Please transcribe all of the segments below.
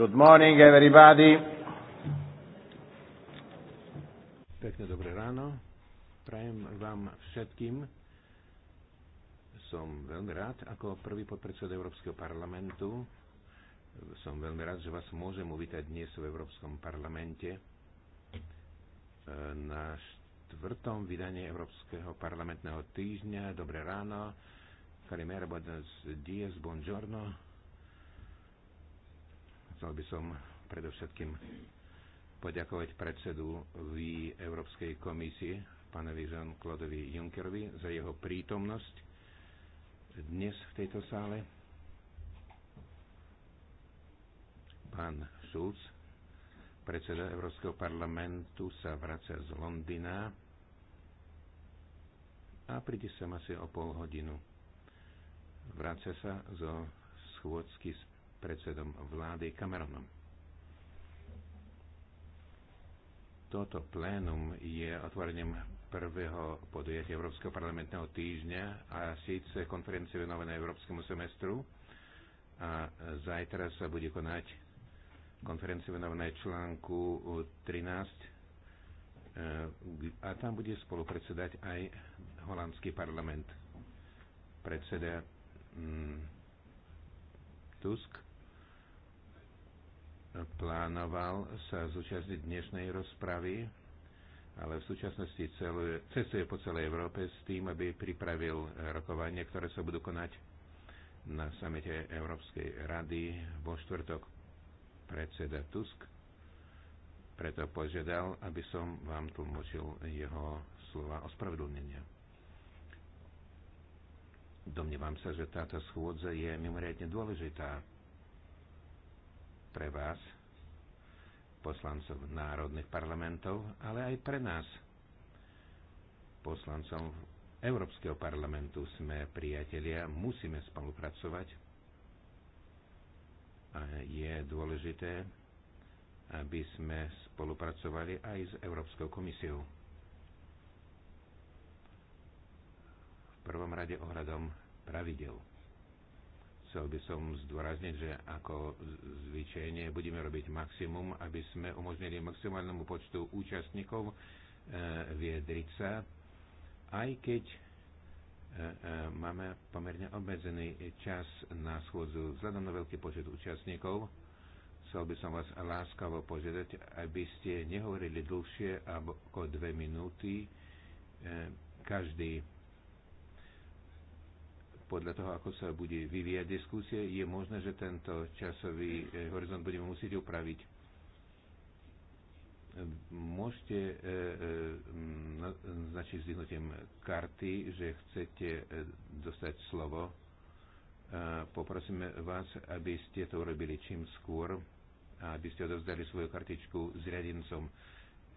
Good morning, everybody. Pekne dobré ráno. Prajem vám všetkým. Som veľmi rád, ako prvý podpredseda Európskeho parlamentu. Som veľmi rád, že vás môžem uvítať dnes v Európskom parlamente e, na štvrtom vydanie Európskeho parlamentného týždňa. Dobré ráno. Karimera, buenos dias, buongiorno Chcel by som predovšetkým poďakovať predsedu v Európskej komisie, pánovi Jean-Claudevi Junckerovi, za jeho prítomnosť dnes v tejto sále. Pán Schulz, predseda Európskeho parlamentu, sa vracia z Londýna a príde sem asi o pol hodinu. Vracia sa zo schôdzky s predsedom vlády Cameronom. Toto plénum je otvorením prvého podujatia Európskeho parlamentného týždňa a síce konferencie venované Európskemu semestru a zajtra sa bude konať konferencie venované článku 13 e, a tam bude spolupredsedať aj holandský parlament. Predseda mm, Tusk plánoval sa zúčastniť dnešnej rozpravy, ale v súčasnosti celuje, cestuje po celej Európe s tým, aby pripravil rokovanie, ktoré sa budú konať na samete Európskej rady vo štvrtok predseda Tusk. Preto požiadal, aby som vám tlmočil jeho slova ospravedlnenia. Domnievam sa, že táto schôdza je mimoriadne dôležitá pre vás, poslancov národných parlamentov, ale aj pre nás, poslancov Európskeho parlamentu. Sme priatelia, musíme spolupracovať a je dôležité, aby sme spolupracovali aj s Európskou komisiou. V prvom rade ohľadom pravidel. Chcel by som zdôrazniť, že ako zvyčajne budeme robiť maximum, aby sme umožnili maximálnemu počtu účastníkov e, viedriť sa, aj keď e, e, máme pomerne obmedzený čas na schôdzu. Vzhľadom na veľký počet účastníkov, chcel by som vás láskavo požiadať, aby ste nehovorili dlhšie ako dve minúty každý podľa toho, ako sa bude vyvíjať diskusie, je možné, že tento časový eh, horizont budeme musieť upraviť. Môžete eh, eh, značiť zdvihnutím karty, že chcete dostať slovo. Poprosíme vás, aby ste to urobili čím skôr a aby ste odovzdali svoju kartičku s riadencom.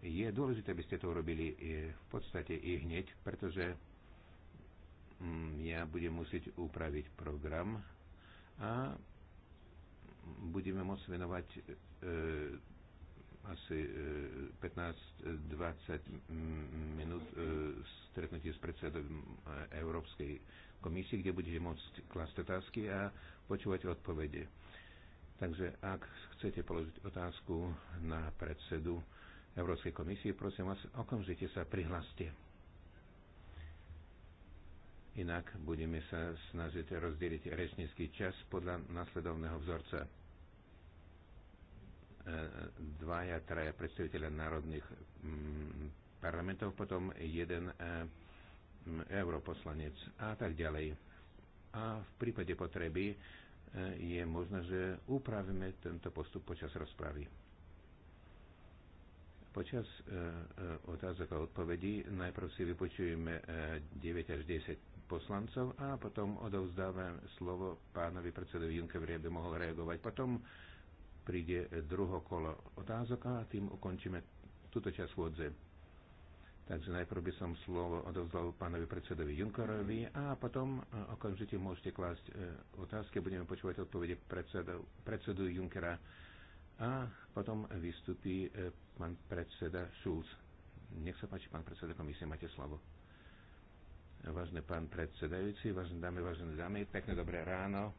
Je dôležité, aby ste to urobili v podstate i hneď, pretože Mm, ja budem musieť upraviť program a budeme môcť venovať e, asi 15-20 e, minút e, stretnutie s predsedom e, Európskej komisie, kde budete môcť klásť otázky a počúvať odpovede. Takže ak chcete položiť otázku na predsedu Európskej komisie, prosím vás, okamžite sa prihláste. Inak budeme sa snažiť rozdeliť rečnícky čas podľa nasledovného vzorca. E, dvaja, traja predstaviteľa národných mm, parlamentov, potom jeden e, mm, europoslanec a tak ďalej. A v prípade potreby e, je možné, že upravíme tento postup počas rozpravy. Počas otázok a odpovedí najprv si vypočujeme 9 až 10 poslancov a potom odovzdávam slovo pánovi predsedovi Junkevi, aby mohol reagovať. Potom príde druho kolo otázok a tým ukončíme túto časť schôdze. Takže najprv by som slovo odovzdal pánovi predsedovi Junkerovi a potom e, okamžite môžete klásť e, otázky. Budeme počúvať odpovede predsedu, predsedu Junkera a potom vystupí e, pán predseda Schulz. Nech sa páči, pán predseda komisie, máte slovo. Vážený pán predsedajúci, vážne dámy, vážené dámy, pekné dobré ráno.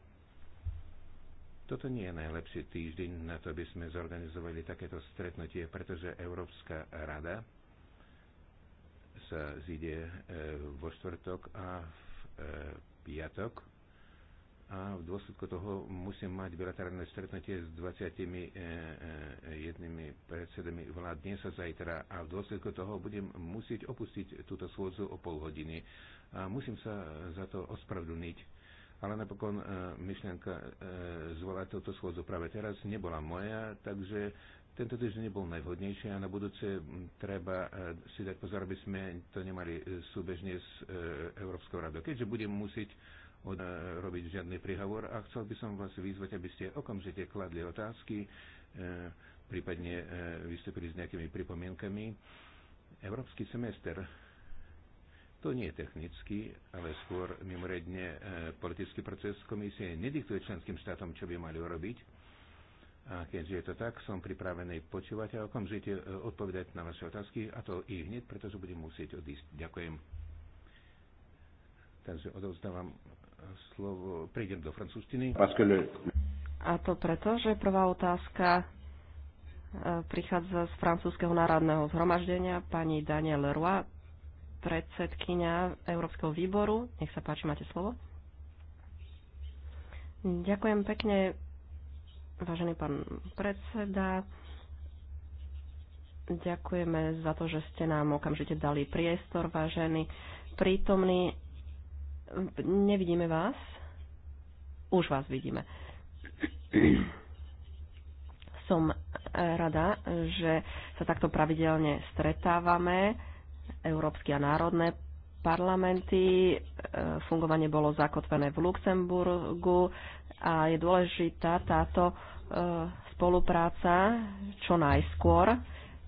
Toto nie je najlepší týždeň na to, aby sme zorganizovali takéto stretnutie, pretože Európska rada sa zíde e, vo štvrtok a v e, piatok a v dôsledku toho musím mať bilaterálne stretnutie s 21 e, e, predsedami vlád dnes a zajtra a v dôsledku toho budem musieť opustiť túto schôdzu o pol hodiny a musím sa za to ospravedlniť. Ale napokon e, myšlienka e, zvolať túto schôdzu práve teraz nebola moja, takže tento týždeň nebol najvhodnejší a na budúce treba e, si dať pozor, aby sme to nemali súbežne s Európskou radou. Keďže budem musieť od, e, robiť žiadny príhovor a chcel by som vás vyzvať, aby ste okamžite kladli otázky, e, prípadne e, vystúpili s nejakými pripomienkami. Európsky semester to nie je technický, ale skôr mimoriadne e, politický proces komisie nediktuje členským štátom, čo by mali urobiť. A keďže je to tak, som pripravený počúvať a okamžite e, odpovedať na vaše otázky, a to i hneď, pretože budem musieť odísť. Ďakujem. Takže odovzdávam slovo, prejdem do francúzštiny. A to preto, že prvá otázka e, prichádza z francúzského národného zhromaždenia pani Daniel Roy, predsedkynia Európskeho výboru. Nech sa páči, máte slovo. Ďakujem pekne, vážený pán predseda. Ďakujeme za to, že ste nám okamžite dali priestor, vážení prítomní. Nevidíme vás. Už vás vidíme. Som rada, že sa takto pravidelne stretávame. Európsky a národné parlamenty. E, fungovanie bolo zakotvené v Luxemburgu a je dôležitá táto e, spolupráca čo najskôr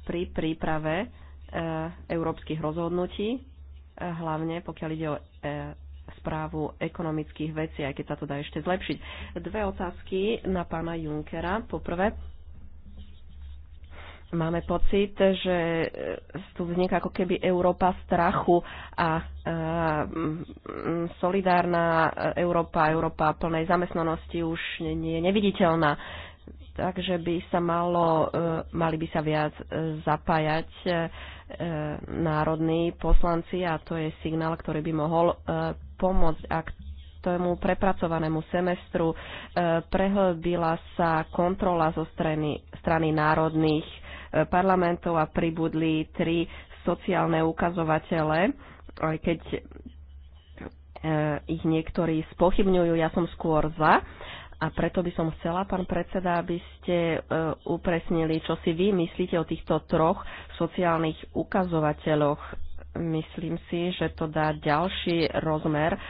pri príprave e, európskych rozhodnutí, hlavne pokiaľ ide o správu ekonomických vecí, aj keď sa to dá ešte zlepšiť. Dve otázky na pána Junkera. Poprvé, máme pocit, že tu vzniká ako keby Európa strachu a solidárna Európa, Európa plnej zamestnanosti už nie je neviditeľná. Takže by sa malo, e, mali by sa viac e, zapájať e, národní poslanci a to je signál, ktorý by mohol pomôcť, ak tomu prepracovanému semestru e, prehlbila sa kontrola zo strany, strany národných e, parlamentov a pribudli tri sociálne ukazovatele, aj keď e, ich niektorí spochybňujú, ja som skôr za. A preto by som chcela, pán predseda, aby ste upresnili, čo si vy myslíte o týchto troch sociálnych ukazovateľoch myslím si, že to dá ďalší rozmer e,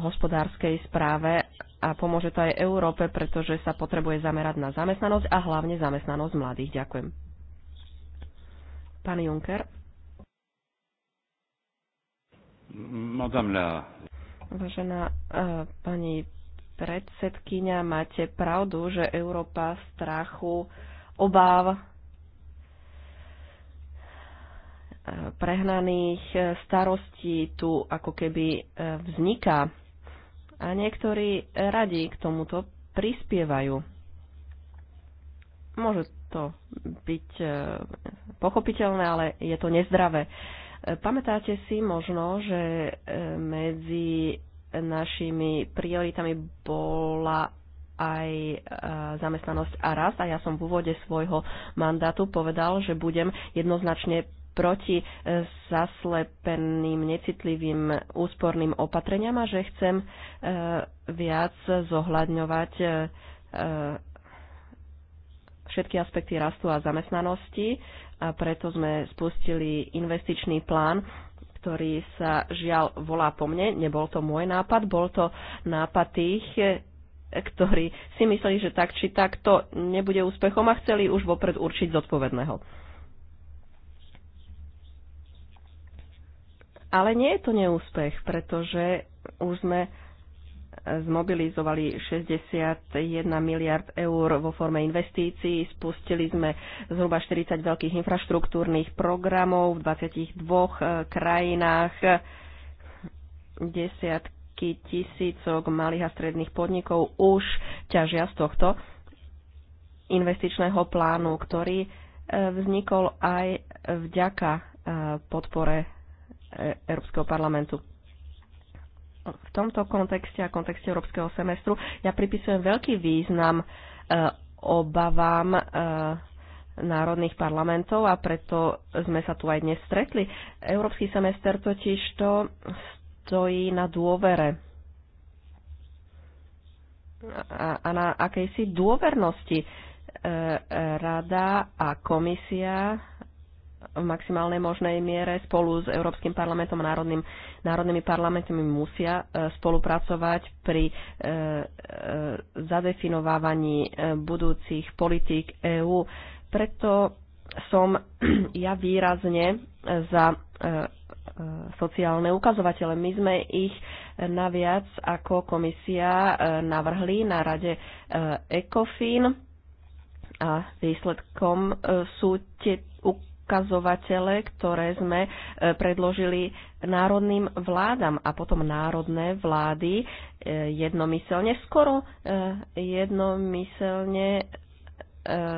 hospodárskej správe a pomôže to aj Európe, pretože sa potrebuje zamerať na zamestnanosť a hlavne zamestnanosť mladých. Ďakujem. Pán Juncker. Madame la... Vážená e, pani predsedkynia, máte pravdu, že Európa strachu, obáv prehnaných e, starostí tu ako keby e, vzniká. A niektorí radi k tomuto prispievajú. Môže to byť e, pochopiteľné, ale je to nezdravé. Pamätáte si možno, že medzi našimi prioritami bola aj zamestnanosť a rast a ja som v úvode svojho mandátu povedal, že budem jednoznačne proti e, zaslepeným, necitlivým úsporným opatreniam a že chcem e, viac zohľadňovať e, všetky aspekty rastu a zamestnanosti a preto sme spustili investičný plán, ktorý sa žiaľ volá po mne. Nebol to môj nápad, bol to nápad tých, ktorí si mysleli, že tak či tak to nebude úspechom a chceli už vopred určiť zodpovedného. Ale nie je to neúspech, pretože už sme zmobilizovali 61 miliard eur vo forme investícií, spustili sme zhruba 40 veľkých infraštruktúrnych programov v 22 eh, krajinách, desiatky tisícok malých a stredných podnikov už ťažia z tohto investičného plánu, ktorý eh, vznikol aj vďaka eh, podpore E, európskeho parlamentu. V tomto kontexte a kontexte Európskeho semestru ja pripisujem veľký význam e, obavám e, národných parlamentov a preto sme sa tu aj dnes stretli. Európsky semester totiž to stojí na dôvere a, a na akejsi dôvernosti. Rada a komisia v maximálnej možnej miere spolu s Európskym parlamentom a národným, národnými parlamentmi musia e, spolupracovať pri e, e, zadefinovávaní budúcich politík EÚ. Preto som ja výrazne za sociálne ukazovatele. My sme ich naviac ako komisia navrhli na rade ECOFIN a výsledkom sú tie ukazovatele, ktoré sme e, predložili národným vládam a potom národné vlády e, jednomyselne, skoro e, jednomyselne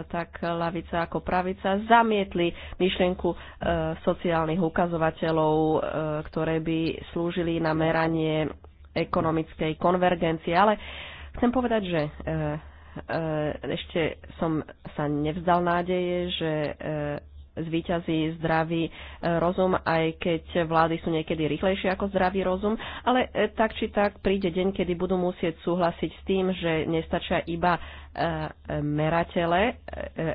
tak lavica ako pravica zamietli myšlienku sociálnych ukazovateľov, ktoré by slúžili na meranie ekonomickej konvergencie. Ale chcem povedať, že ešte som sa nevzdal nádeje, že zvíťazí zdravý e, rozum, aj keď vlády sú niekedy rýchlejšie ako zdravý rozum, ale e, tak či tak príde deň, kedy budú musieť súhlasiť s tým, že nestačia iba e, meratele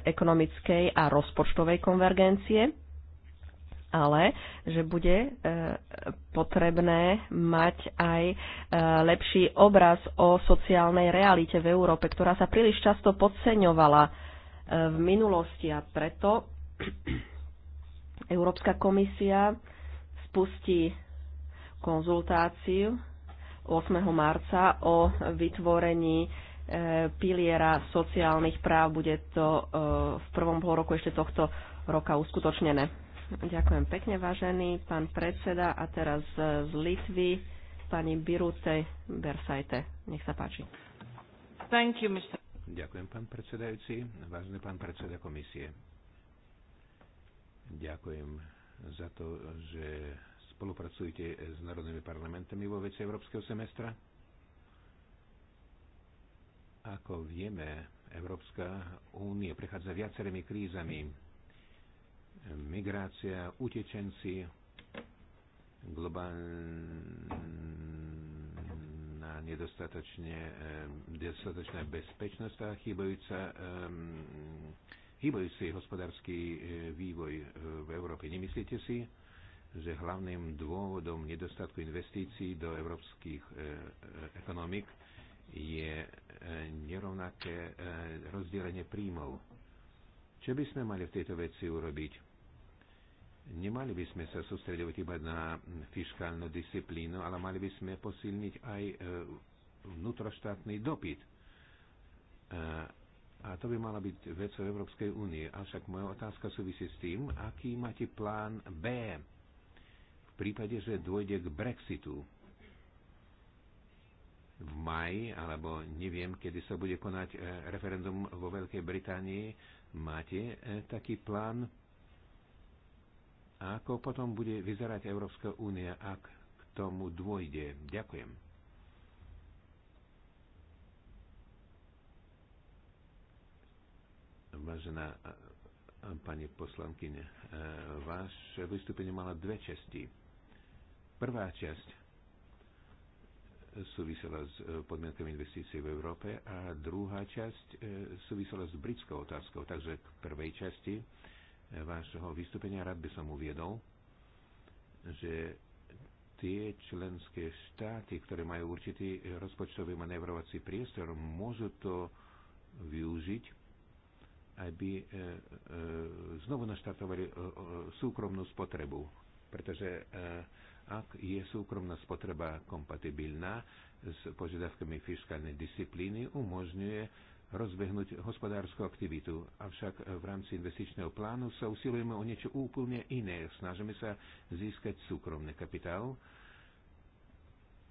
ekonomickej a rozpočtovej konvergencie, ale že bude potrebné mať aj lepší obraz o sociálnej realite v Európe, ktorá sa príliš často podceňovala v minulosti a preto Európska komisia spustí konzultáciu 8. marca o vytvorení e, piliera sociálnych práv. Bude to e, v prvom pol roku ešte tohto roka uskutočnené. Ďakujem pekne, vážený pán predseda. A teraz e, z Litvy pani Birute Bersajte. Nech sa páči. Thank you, Mr. Ďakujem, pán predsedajúci. Vážený pán predseda komisie Ďakujem za to, že spolupracujete s národnými parlamentami vo veci Európskeho semestra. Ako vieme, Európska únia prechádza viacerými krízami. Migrácia, utečenci, globálna nedostatočná eh, bezpečnosť a chýbajúca um, hýbajúci hospodársky e, vývoj e, v Európe. Nemyslíte si, že hlavným dôvodom nedostatku investícií do európskych e, ekonomik je nerovnaké rozdelenie príjmov. Čo by sme mali v tejto veci urobiť? Nemali by sme sa sústredovať iba na fiskálnu disciplínu, ale mali by sme posilniť aj vnútroštátny dopyt a to by mala byť vecou Európskej únie. Avšak moja otázka súvisí s tým, aký máte plán B v prípade, že dôjde k Brexitu v maji, alebo neviem, kedy sa bude konať e, referendum vo Veľkej Británii. Máte e, taký plán? A ako potom bude vyzerať Európska únia, ak k tomu dôjde? Ďakujem. Vážená pani poslankyne, vaše vystúpenie mala dve časti. Prvá časť súvisela s e, podmienkami investícií v Európe a druhá časť e, súvisela s britskou otázkou. Takže k prvej časti e, vášho vystúpenia rád by som uviedol, že tie členské štáty, ktoré majú určitý rozpočtový manévrovací priestor, môžu to využiť aby e, e, znovu naštartovali e, súkromnú spotrebu. Pretože ak je súkromná spotreba kompatibilná s požiadavkami fiskálnej disciplíny, umožňuje rozbehnúť hospodárskú aktivitu. Avšak v rámci investičného plánu sa usilujeme o niečo úplne iné. Snažíme sa získať súkromný kapitál,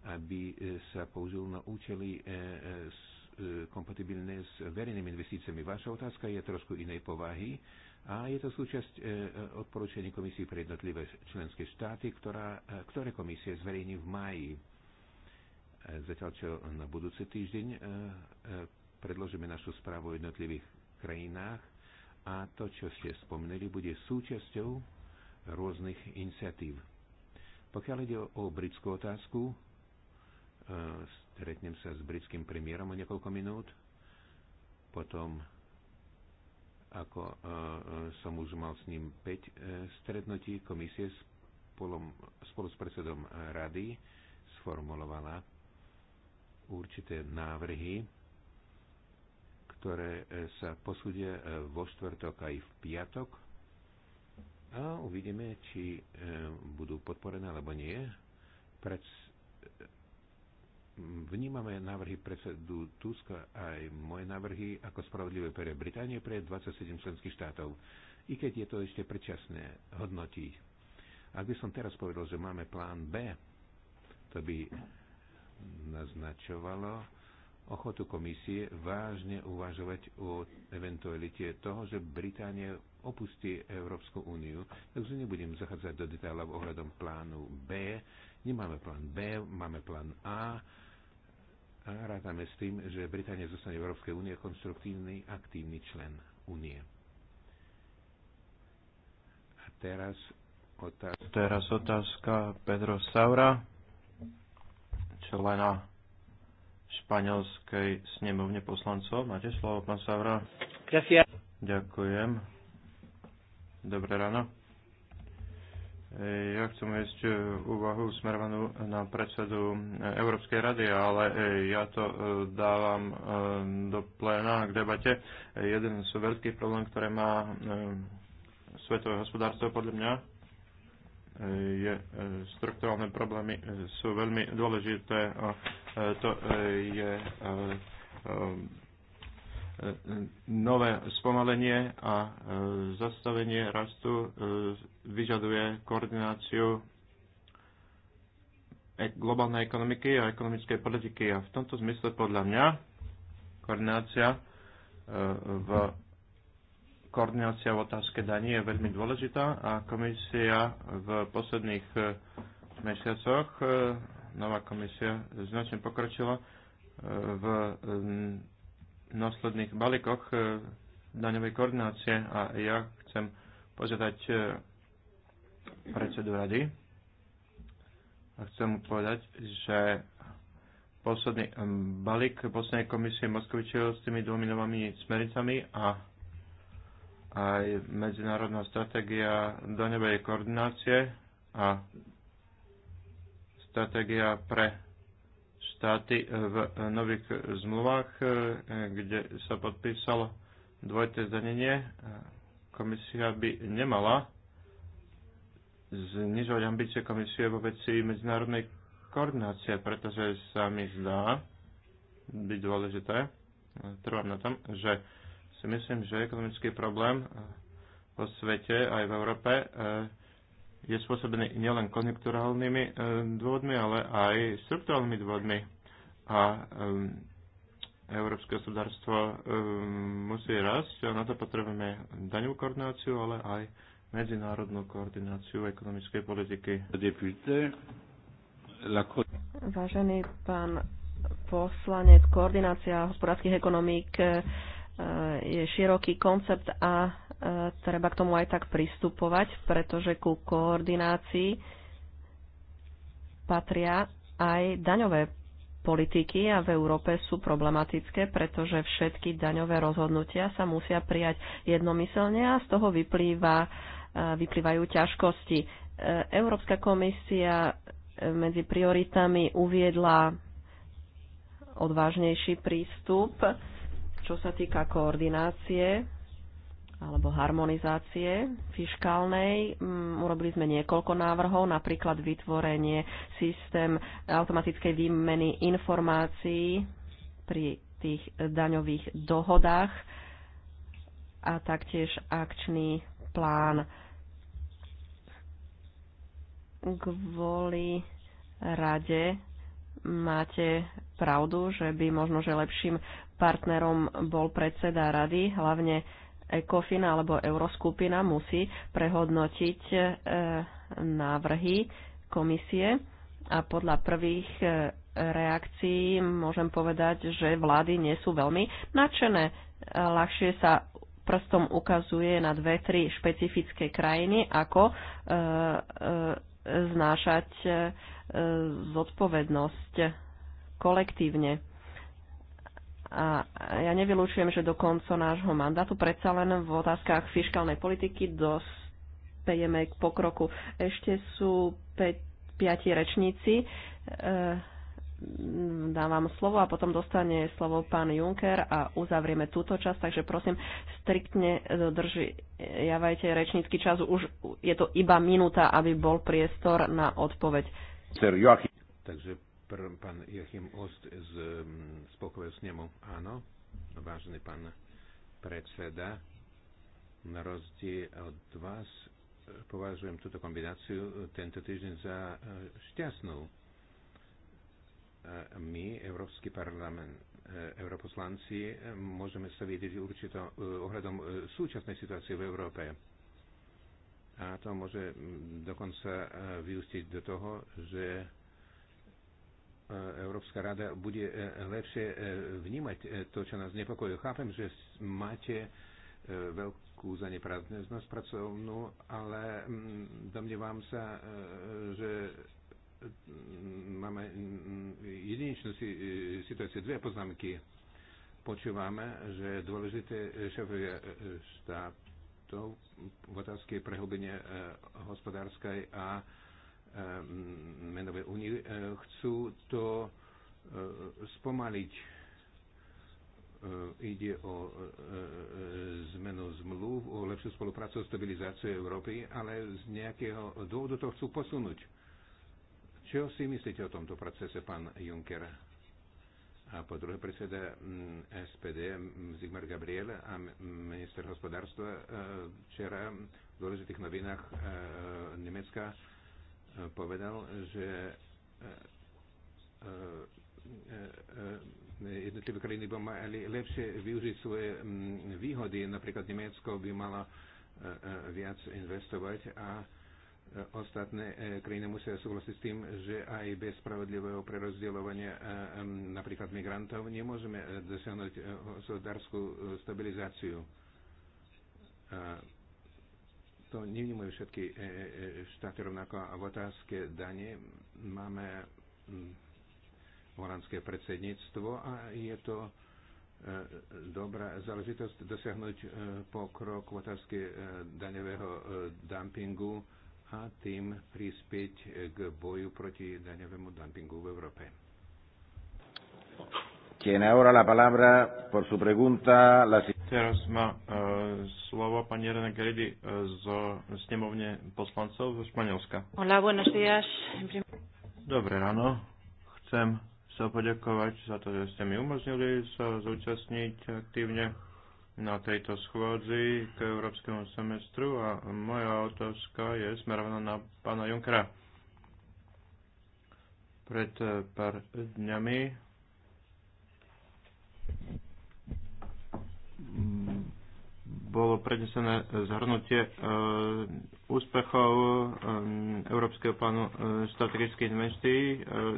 aby sa použil na účely kompatibilné s verejnými investíciami. Vaša otázka je trošku inej povahy a je to súčasť e, e, odporúčaní komisie pre jednotlivé členské štáty, ktorá, e, ktoré komisie zverejní v maji. Zatiaľ, čo na budúci týždeň predložíme našu správu o jednotlivých krajinách a to, čo ste spomínali, bude súčasťou rôznych iniciatív. Pokiaľ ide o britskú otázku, Stretnem sa s britským premiérom o niekoľko minút. Potom, ako e, e, som už mal s ním 5 e, stretnutí, komisie spolom, spolu s predsedom rady sformulovala určité návrhy, ktoré sa posúdia vo štvrtok aj v piatok a uvidíme, či budú podporené alebo nie. Pred vnímame návrhy predsedu Tuska aj moje návrhy ako spravodlivé pre Britániu pre 27 členských štátov, i keď je to ešte predčasné hodnotiť. Ak by som teraz povedal, že máme plán B, to by naznačovalo ochotu komisie vážne uvažovať o eventualite toho, že Británia opustí Európsku úniu. Takže nebudem zachádzať do detailov ohľadom plánu B. Nemáme plán B, máme plán A a rátame s tým, že Británia zostane v Európskej únie konstruktívny, aktívny člen únie. A teraz otázka... Teraz otázka Pedro Saura, člena španielskej snemovne poslancov. Máte slovo, pán Saura? Ďakujem. Ďakujem. Dobré ráno. Eh, ja chcem jesť eh, úvahu smerovanú na predsedu eh, Európskej rady, ale ja to dávam do pléna k debate. Jeden z veľkých problém, ktoré má svetové hospodárstvo podľa mňa, je, strukturálne problémy sú veľmi dôležité. To je nové spomalenie a e, zastavenie rastu e, vyžaduje koordináciu e, globálnej ekonomiky a ekonomickej politiky. A v tomto zmysle podľa mňa koordinácia v koordinácia v otázke daní je veľmi dôležitá a komisia v posledných mesiacoch, nová komisia, značne pokročila v následných balíkoch e, daňovej koordinácie a ja chcem požiadať e, predsedu rady a chcem mu povedať, že posledný e, balík poslednej komisie Moskovičeho s tými dvomi novými smernicami a aj medzinárodná stratégia daňovej koordinácie a stratégia pre štáty v nových zmluvách, e, kde sa podpísalo dvojité zdanenie. Komisia by nemala znižovať ambície komisie vo veci medzinárodnej koordinácie, pretože sa mi zdá byť dôležité, e, trvám na tom, že si myslím, že ekonomický problém e, vo svete aj v Európe je spôsobený nielen konjunkturálnymi e, dôvodmi, ale aj strukturálnymi dôvodmi. A um, európske hospodárstvo um, musí rásť a na to potrebujeme daňovú koordináciu, ale aj medzinárodnú koordináciu ekonomickej politiky. Vážený pán poslanec, koordinácia hospodárskych ekonomík Eh, je široký koncept a eh, treba k tomu aj tak pristupovať, pretože ku koordinácii patria aj daňové politiky a v Európe sú problematické, pretože všetky daňové rozhodnutia sa musia prijať jednomyselne a z toho vyplýva, eh, vyplývajú ťažkosti. Európska komisia medzi prioritami uviedla odvážnejší prístup čo sa týka koordinácie alebo harmonizácie fiškálnej, mm, urobili sme niekoľko návrhov, napríklad vytvorenie systém automatickej výmeny informácií pri tých daňových dohodách a taktiež akčný plán kvôli rade máte pravdu, že by možno, že lepším partnerom bol predseda rady, hlavne ECOFIN alebo Euroskupina musí prehodnotiť e, návrhy komisie a podľa prvých e, reakcií môžem povedať, že vlády nie sú veľmi nadšené. Ľahšie sa prstom ukazuje na dve, tri špecifické krajiny, ako e, znášať zodpovednosť kolektívne. A ja nevylučujem, že do konca nášho mandátu predsa len v otázkach fiskálnej politiky dospejeme k pokroku. Ešte sú piati rečníci. Ehm, dám vám slovo a potom dostane slovo pán Juncker a uzavrieme túto časť, takže prosím, striktne dodržiavajte rečnícky čas. Už je to iba minúta, aby bol priestor na odpoveď. Takže Pr- pán Joachim Ost z mm, Spolkového snemu. Áno, vážny pán predseda, na rozdiel od vás e, považujem túto kombináciu e, tento týždeň za e, šťastnú. My, Európsky parlament, europoslanci, môžeme sa vidieť určito ohľadom súčasnej situácie v Európe. A to môže dokonca vyústiť do toho, že E, Európska rada bude e, lepšie e, vnímať to, čo nás nepokojuje. Chápem, že máte veľkú zaneprázdnosť pracovnú, ale domnievam sa, že máme jedinečnú situáciu. Dve poznámky. Počúvame, že dôležité šéfovia štátov v otázke prehlbenia hospodárskej a Ehm, menovej únie, eh, chcú to eh, spomaliť. Eh, ide o zmenu zmluv, o lepšiu spoluprácu o stabilizáciu Európy, ale z nejakého dôvodu to chcú posunúť. Čo si myslíte o tomto procese, pán Juncker? A po druhé predseda mm, SPD mm, Zigmar Gabriel a minister hospodárstva včera v dôležitých novinách Nemecka povedal, že e, e, e, jednotlivé krajiny by mali lepšie využiť svoje výhody. Napríklad Nemecko by malo viac investovať a ostatné krajiny musia súhlasiť s tým, že aj bez spravodlivého prerozdeľovania napríklad migrantov nemôžeme dosiahnuť hospodárskú stabilizáciu to nevnímajú všetky e, e, e, štáty rovnako a v otázke dane máme hm, holandské predsedníctvo a je to dobrá záležitosť dosiahnuť pokrok v otázke daňového dumpingu a tým prispieť k boju proti daňovému dumpingu v Európe. Tiene ahora la palabra por su pregunta la Teraz má uh, slovo pani Irene Gredy eh, z snemovne poslancov zo Španielska. Hola, buenos días. Dobre ráno. Chcem sa poďakovať za to, že ste mi umožnili sa zúčastniť aktívne na tejto schôdzi k európskemu semestru a moja otázka je smerovaná na pána Junkera. Pred eh, pár dňami bolo prednesené e, zhrnutie e, úspechov e, Európskeho plánu strategických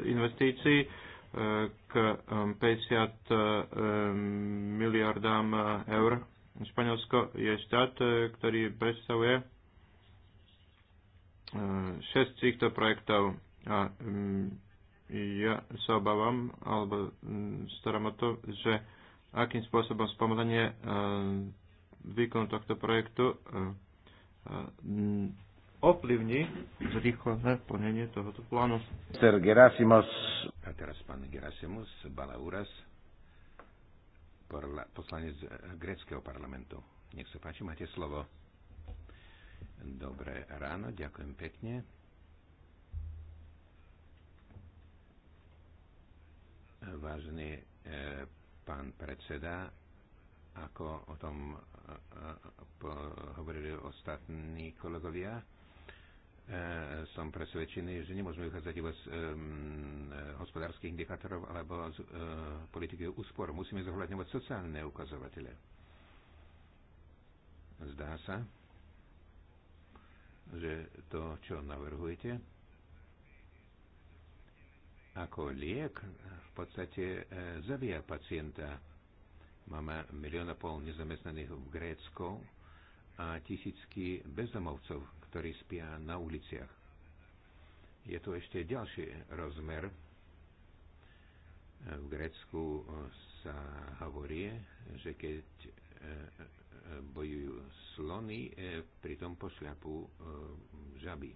investícií k 50 miliardám eur. Španielsko je štát, ktorý predstavuje 6 týchto projektov. A mm, ja sa obávam, alebo mm, starám o to, že akým spôsobom spomalenie výkon tohto projektu e, e, ovplyvní zrýchlené plnenie tohoto plánu. Mr. Gerasimus. A teraz pán Gerasimus Balauras, poslanec e, greckého parlamentu. Nech sa páči, máte slovo. Dobré ráno, ďakujem pekne. Vážený e, pán predseda, ako o tom e, e, e, hovorili ostatní kolegovia. Som presvedčený, že nemôžeme vychádzať iba z hospodárskych indikátorov alebo z politiky úspor. Musíme zohľadňovať sociálne ukazovatele. Zdá sa, že to, čo navrhujete, ako liek v podstate zabíja pacienta Máme milión a pol nezamestnaných v Grécku a tisícky bezdomovcov, ktorí spia na uliciach. Je tu ešte ďalší rozmer. V Grécku sa hovorí, že keď e, e, bojujú slony, e, pritom pošľapú žaby.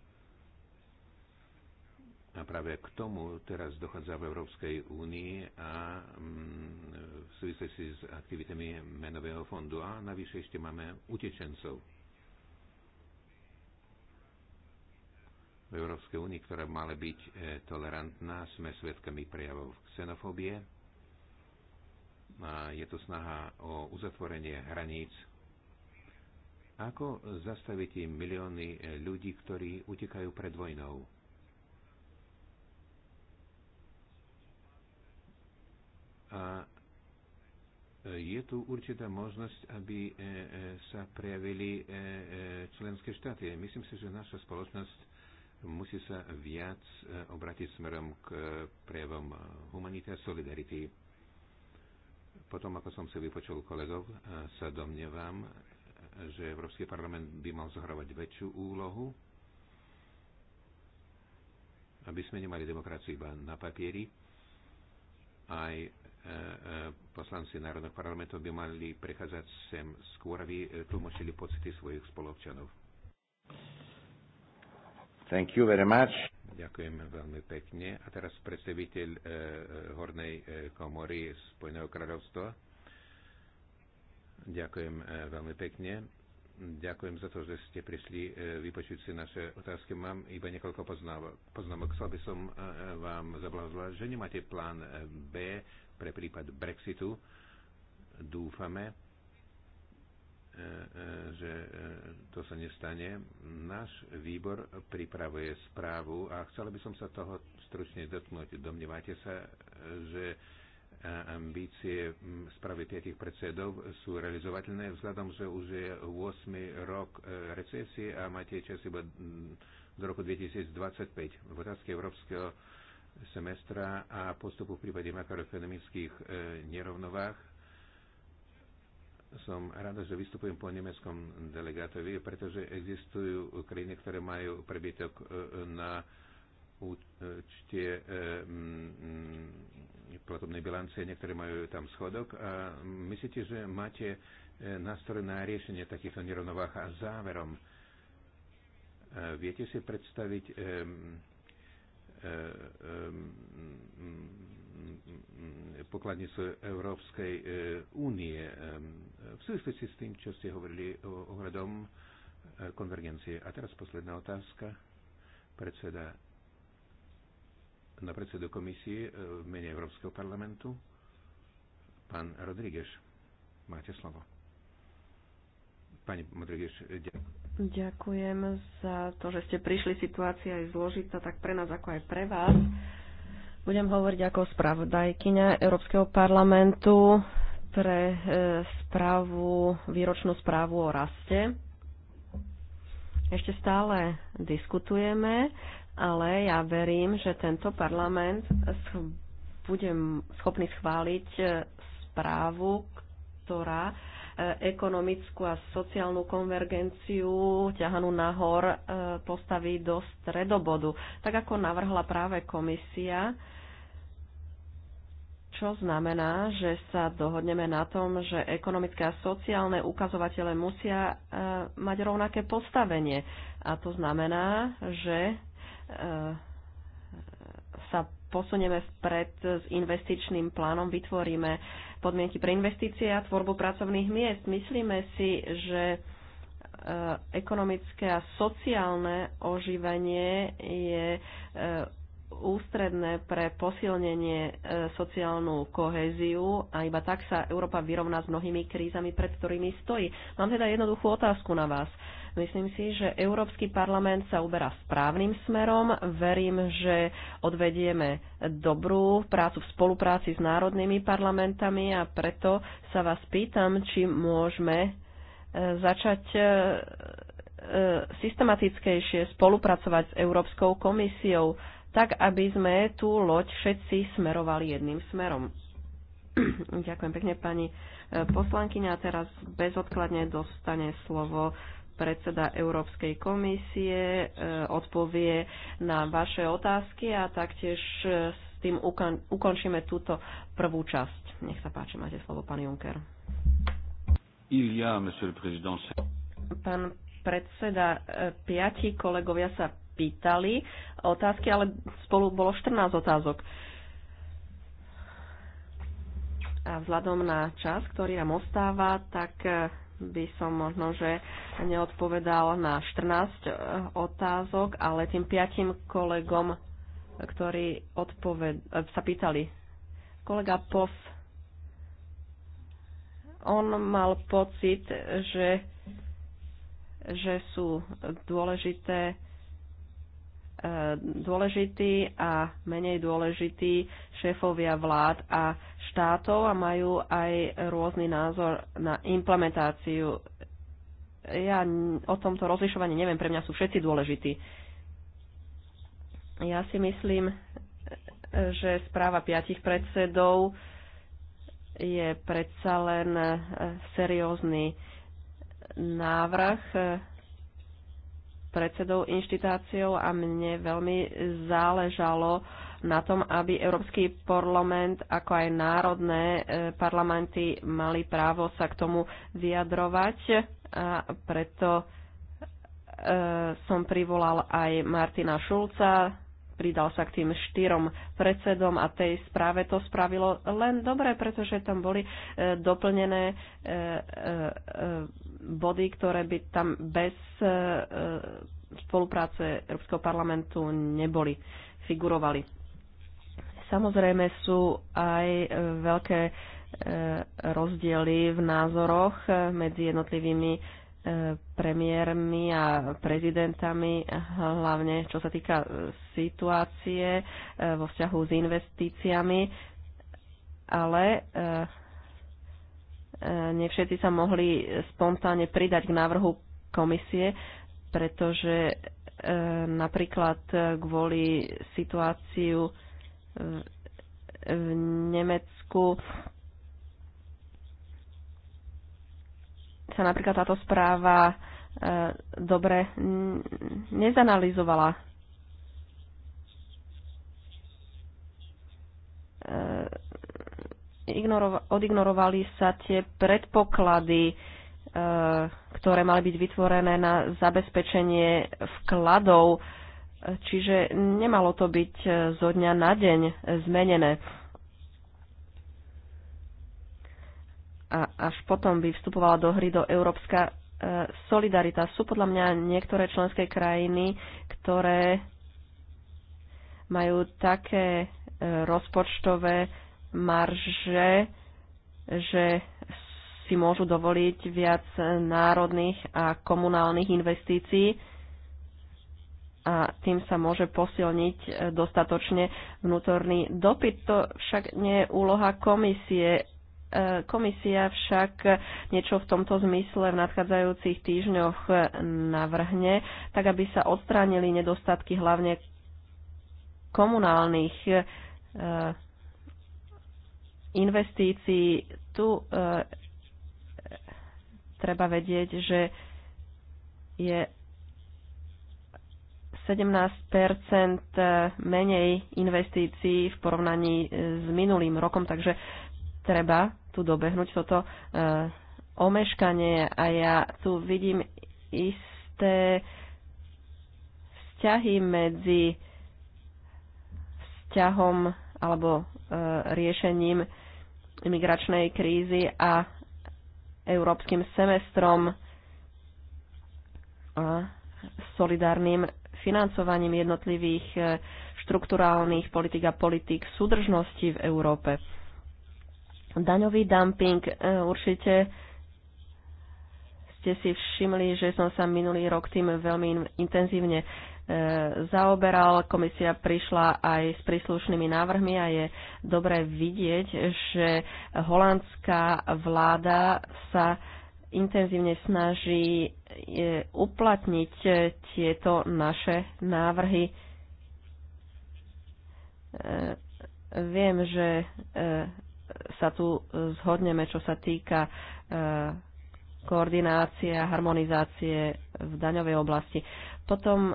A práve k tomu teraz dochádza v Európskej únii a mm, v súvislosti s aktivitami menového fondu. A navyše ešte máme utečencov. V Európskej únii, ktorá mala byť e, tolerantná, sme svedkami prejavov xenofóbie. A je to snaha o uzatvorenie hraníc. Ako zastaviť milióny e, ľudí, ktorí utekajú pred vojnou? a e, je tu určitá možnosť, aby e, e, sa prejavili členské štáty. Myslím si, že naša spoločnosť musí sa viac obratiť smerom k prejavom humanity a solidarity. Potom, ako som si vypočul kolegov, sa domnievam, že Európsky parlament by mal zohrávať väčšiu úlohu, aby sme nemali demokraciu iba na papieri, aj E, e, poslanci Národných parlamentov by mali prechádzať sem skôr, aby e, tlmočili pocity svojich spoloobčanov. Thank you very much. Ďakujem veľmi pekne. A teraz predstaviteľ e, Hornej komory Spojeného kráľovstva. Ďakujem e, veľmi pekne. Ďakujem za to, že ste prišli vypočuť si naše otázky. Mám iba niekoľko poznámok. Chcel by som vám zablázla, že nemáte plán B pre prípad Brexitu. Dúfame, e, e, že e, to sa nestane. Náš výbor pripravuje správu a chcel by som sa toho stručne dotknúť. Domnievate sa, že ambície správy piatich predsedov sú realizovateľné vzhľadom, že už je 8. rok recesie a máte čas iba do roku 2025. V otázke európskeho semestra a postupu v prípade makroekonomických e, nerovnovách. Som rada, že vystupujem po nemeckom delegátovi, pretože existujú krajiny, ktoré majú prebytok e, na účte e, platobnej bilancie, niektoré majú tam schodok. A myslíte, že máte nástroj na riešenie takýchto nerovnovách a záverom? Viete si predstaviť Eh, eh, mm, mm, mm, pokladnicu Európskej eh, únie. V súvislosti s tým, čo ste hovorili ohľadom konvergencie. A teraz posledná otázka. Predseda na predsedu komisie v mene Európskeho parlamentu. Pán Rodríguez, máte slovo. Pani Rodríguez, ďakujem. Ďakujem za to, že ste prišli. Situácia je zložitá tak pre nás, ako aj pre vás. Budem hovoriť ako spravodajkyňa Európskeho parlamentu pre e, správu, výročnú správu o raste. Ešte stále diskutujeme, ale ja verím, že tento parlament bude schopný schváliť e, správu, ktorá ekonomickú a sociálnu konvergenciu ťahanú nahor e, postaví do stredobodu. Tak ako navrhla práve komisia, čo znamená, že sa dohodneme na tom, že ekonomické a sociálne ukazovatele musia e, mať rovnaké postavenie. A to znamená, že e, sa posunieme vpred s investičným plánom, vytvoríme podmienky pre investície a tvorbu pracovných miest. Myslíme si, že e, ekonomické a sociálne oživenie je e, ústredné pre posilnenie e, sociálnu kohéziu a iba tak sa Európa vyrovná s mnohými krízami, pred ktorými stojí. Mám teda jednoduchú otázku na vás. Myslím si, že Európsky parlament sa uberá správnym smerom. Verím, že odvedieme dobrú prácu v spolupráci s národnými parlamentami a preto sa vás pýtam, či môžeme e, začať e, e, systematickejšie spolupracovať s Európskou komisiou, tak aby sme tú loď všetci smerovali jedným smerom. Ďakujem pekne pani poslankyňa. Teraz bezodkladne dostane slovo predseda Európskej komisie e, odpovie na vaše otázky a taktiež e, s tým ukončíme túto prvú časť. Nech sa páči, máte slovo, pán Juncker. Pán predseda, e, piati kolegovia sa pýtali otázky, ale spolu bolo 14 otázok. A vzhľadom na čas, ktorý nám ostáva, tak by som možno, že neodpovedal na 14 eh, otázok, ale tým piatim kolegom, ktorí odpoved- eh, sa pýtali. Kolega Pov, on mal pocit, že, že sú dôležité dôležití a menej dôležití šéfovia vlád a štátov a majú aj rôzny názor na implementáciu. Ja o tomto rozlišovaní neviem, pre mňa sú všetci dôležití. Ja si myslím, že správa piatich predsedov je predsa len seriózny návrh predsedou inštitáciou a mne veľmi záležalo na tom, aby Európsky parlament ako aj národné e, parlamenty mali právo sa k tomu vyjadrovať a preto e, som privolal aj Martina Šulca, pridal sa k tým štyrom predsedom a tej správe to spravilo len dobre, pretože tam boli e, doplnené e, e, body, ktoré by tam bez spolupráce Európskeho parlamentu neboli, figurovali. Samozrejme sú aj veľké rozdiely v názoroch medzi jednotlivými premiérmi a prezidentami, hlavne čo sa týka e, situácie e, vo vzťahu s investíciami, ale e, nevšetci sa mohli spontánne pridať k návrhu komisie, pretože napríklad kvôli situáciu v Nemecku sa napríklad táto správa e, dobre nezanalizovala. E, odignorovali sa tie predpoklady, e, ktoré mali byť vytvorené na zabezpečenie vkladov, čiže nemalo to byť zo dňa na deň zmenené. a až potom by vstupovala do hry do európska e, solidarita. Sú podľa mňa niektoré členské krajiny, ktoré majú také e, rozpočtové marže, že si môžu dovoliť viac národných a komunálnych investícií a tým sa môže posilniť e, dostatočne vnútorný dopyt. To však nie je úloha komisie Komisia však niečo v tomto zmysle v nadchádzajúcich týždňoch navrhne, tak aby sa odstránili nedostatky hlavne komunálnych eh, investícií. Tu eh, treba vedieť, že je 17 eh, menej investícií v porovnaní s minulým rokom, takže treba tu dobehnúť toto e, omeškanie a ja tu vidím isté vzťahy medzi vzťahom alebo e, riešením imigračnej krízy a európskym semestrom a solidárnym financovaním jednotlivých e, štrukturálnych politik a politik súdržnosti v Európe. Daňový dumping e, určite ste si všimli, že som sa minulý rok tým veľmi intenzívne e, zaoberal. Komisia prišla aj s príslušnými návrhmi a je dobré vidieť, že holandská vláda sa intenzívne snaží e, uplatniť tieto naše návrhy. Viem, že sa tu e, zhodneme, čo sa týka e, koordinácie a harmonizácie v daňovej oblasti. Potom e,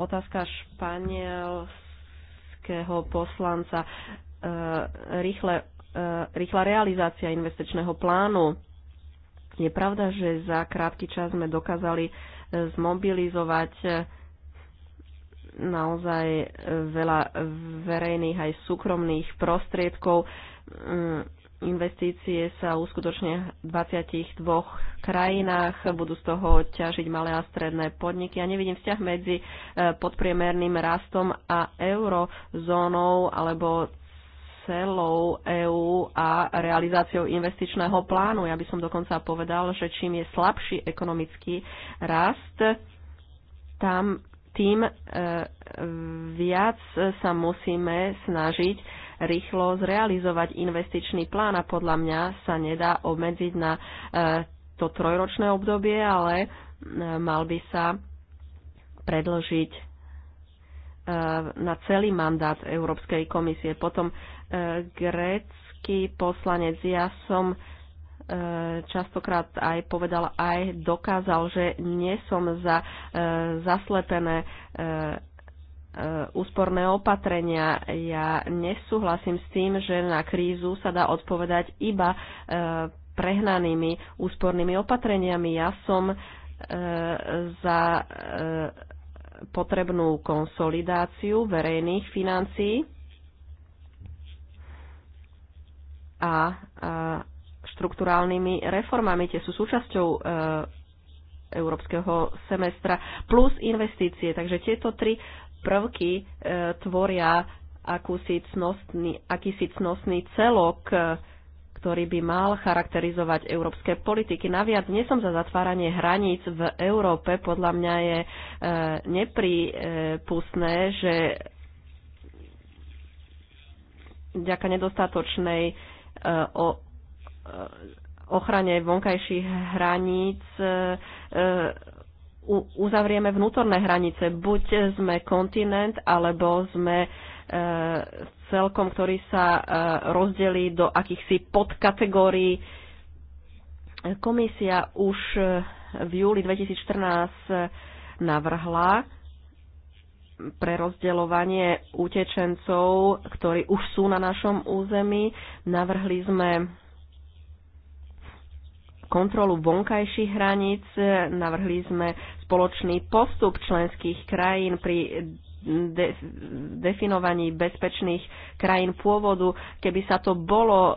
otázka španielského poslanca. Rýchle, rýchla realizácia investičného plánu. Je pravda, že za krátky čas sme dokázali zmobilizovať naozaj veľa verejných aj súkromných prostriedkov mm, Investície sa uskutočne v 22 krajinách, budú z toho ťažiť malé a stredné podniky. Ja nevidím vzťah medzi e, podpriemerným rastom a eurozónou alebo celou EÚ a realizáciou investičného plánu. Ja by som dokonca povedal, že čím je slabší ekonomický rast, tam tým e, viac sa musíme snažiť rýchlo zrealizovať investičný plán a podľa mňa sa nedá obmedziť na eh, to trojročné obdobie, ale eh, mal by sa predložiť eh, na celý mandát Európskej komisie. Potom grécky poslanec, ja som častokrát aj povedal, aj dokázal, že nie som za zaslepené E, úsporné opatrenia. Ja nesúhlasím s tým, že na krízu sa dá odpovedať iba e, prehnanými úspornými opatreniami. Ja som e, za potrebnú konsolidáciu verejných financií a štruktúrálnymi reformami. Tie sú súčasťou európskeho semestra plus investície. Takže tieto tri prvky e, tvoria akúsi cnostný, akýsi cnostný celok, e, ktorý by mal charakterizovať európske politiky. Naviac nie som za zatváranie hraníc v Európe. Podľa mňa je e, nepripustné, že vďaka nedostatočnej e, o, e, ochrane vonkajších hraníc e, e uzavrieme vnútorné hranice. Buď sme kontinent, alebo sme e, celkom, ktorý sa e, rozdelí do akýchsi podkategórií. Komisia už e, v júli 2014 navrhla pre rozdeľovanie utečencov, ktorí už sú na našom území. Navrhli sme kontrolu vonkajších hraníc, navrhli sme spoločný postup členských krajín pri de- definovaní bezpečných krajín pôvodu. Keby sa to bolo e,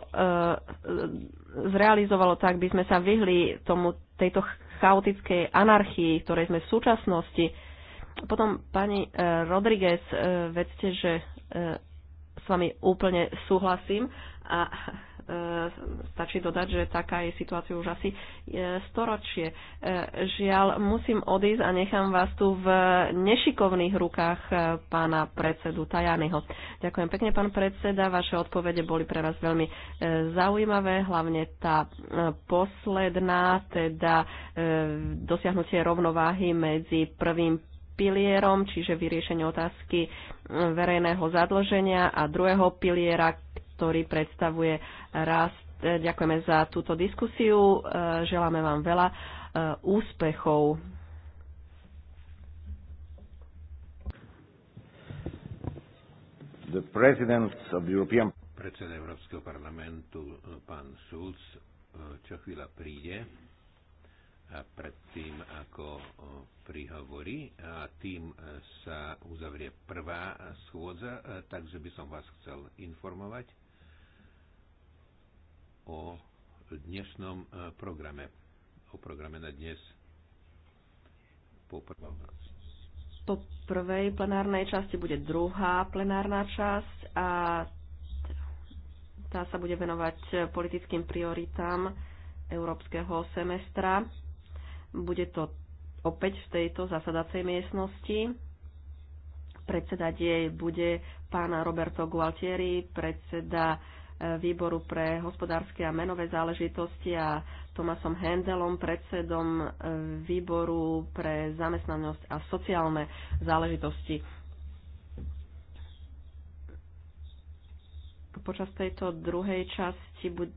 zrealizovalo, tak by sme sa vyhli tomu, tejto chaotickej anarchii, ktorej sme v súčasnosti. Potom, pani e, Rodriguez, e, vedzte, že e, s vami úplne súhlasím a E, stačí dodať, že taká je situácia už asi e, storočie. E, žiaľ, musím odísť a nechám vás tu v nešikovných rukách pána predsedu Tajányho. Ďakujem pekne, pán predseda. Vaše odpovede boli pre vás veľmi zaujímavé, hlavne tá posledná, teda dosiahnutie rovnováhy medzi prvým pilierom, čiže vyriešenie otázky verejného zadlženia a druhého piliera, ktorý predstavuje rast. Ďakujeme za túto diskusiu, e, želáme vám veľa e, úspechov. The president of the European... Predseda Európskeho parlamentu, e, pán Schulz, čo chvíľa príde a predtým, ako prihovorí a tým sa uzavrie prvá schôdza, takže by som vás chcel informovať, o dnešnom e, programe, o programe na dnes po Po prvej plenárnej časti bude druhá plenárna časť a tá sa bude venovať politickým prioritám európskeho semestra. Bude to opäť v tejto zasadacej miestnosti. Predsedať jej bude pán Roberto Gualtieri, predseda výboru pre hospodárske a menové záležitosti a Tomasom Hendelom, predsedom e, výboru pre zamestnanosť a sociálne záležitosti. Počas tejto druhej časti bude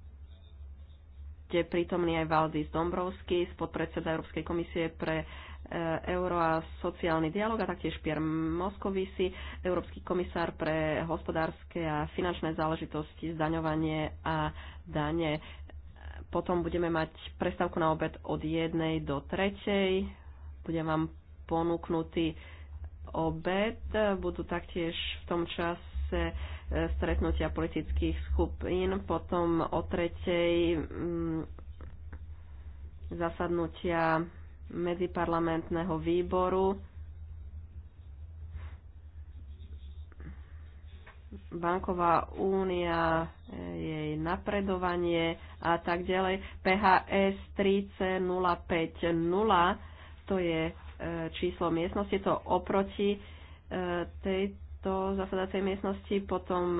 prítomný aj Valdis Dombrovský, podpredseda Európskej komisie pre euro a sociálny dialog a taktiež Pier Moskovisi, Európsky komisár pre hospodárske a finančné záležitosti, zdaňovanie a dane. Potom budeme mať prestávku na obed od 1. do 3. Bude vám ponúknutý obed. Budú taktiež v tom čase e, stretnutia politických skupín. Potom o 3. Mm, zasadnutia medziparlamentného výboru banková únia, e, jej napredovanie a tak ďalej. PHS 3C050 to je e, číslo miestnosti, to oproti e, tejto zasadacej miestnosti, potom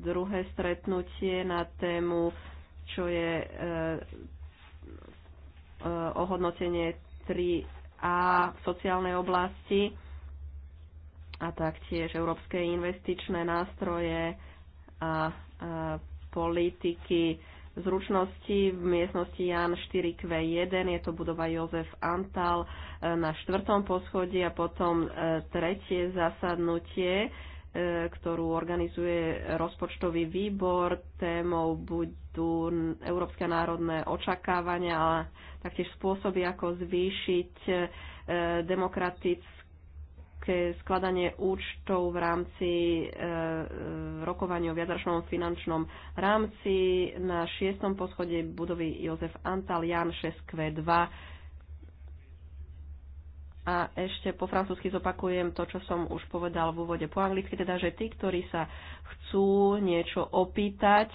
druhé stretnutie na tému, čo je Eh, ohodnotenie 3A v sociálnej oblasti a taktiež európske investičné nástroje a, a politiky zručnosti v miestnosti Jan 4Q1, je to budova Jozef Antal eh, na štvrtom poschodí a potom eh, tretie zasadnutie, ktorú organizuje rozpočtový výbor. Témou bude tu európske národné očakávania, ale taktiež spôsoby, ako zvýšiť e, demokratické skladanie účtov v rámci e, rokovania o viacročnom finančnom rámci na šiestom poschode budovy Jozef Antal Jan 6Q2 a ešte po francúzsky zopakujem to, čo som už povedal v úvode po anglicky, teda, že tí, ktorí sa chcú niečo opýtať,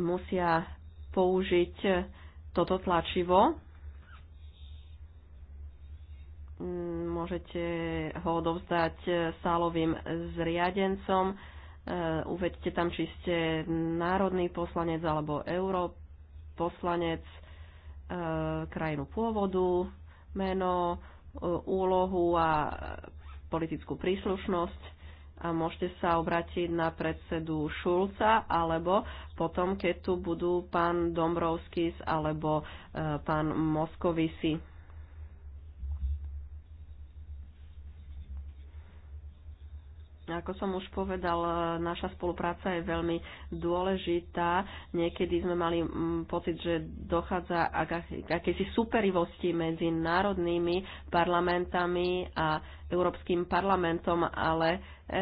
musia použiť toto tlačivo. Mm, môžete ho odovzdať sálovým zriadencom. E, uvedte tam, či ste národný poslanec alebo europoslanec, e, krajinu pôvodu, meno, e, úlohu a politickú príslušnosť a môžete sa obrátiť na predsedu Šulca, alebo potom, keď tu budú pán Dombrovskis alebo e, pán Moskovisi. Ako som už povedal, e, naša spolupráca je veľmi dôležitá. Niekedy sme mali pocit, že dochádza k akejsi superivosti medzi národnými parlamentami a Európskym parlamentom, ale e, e,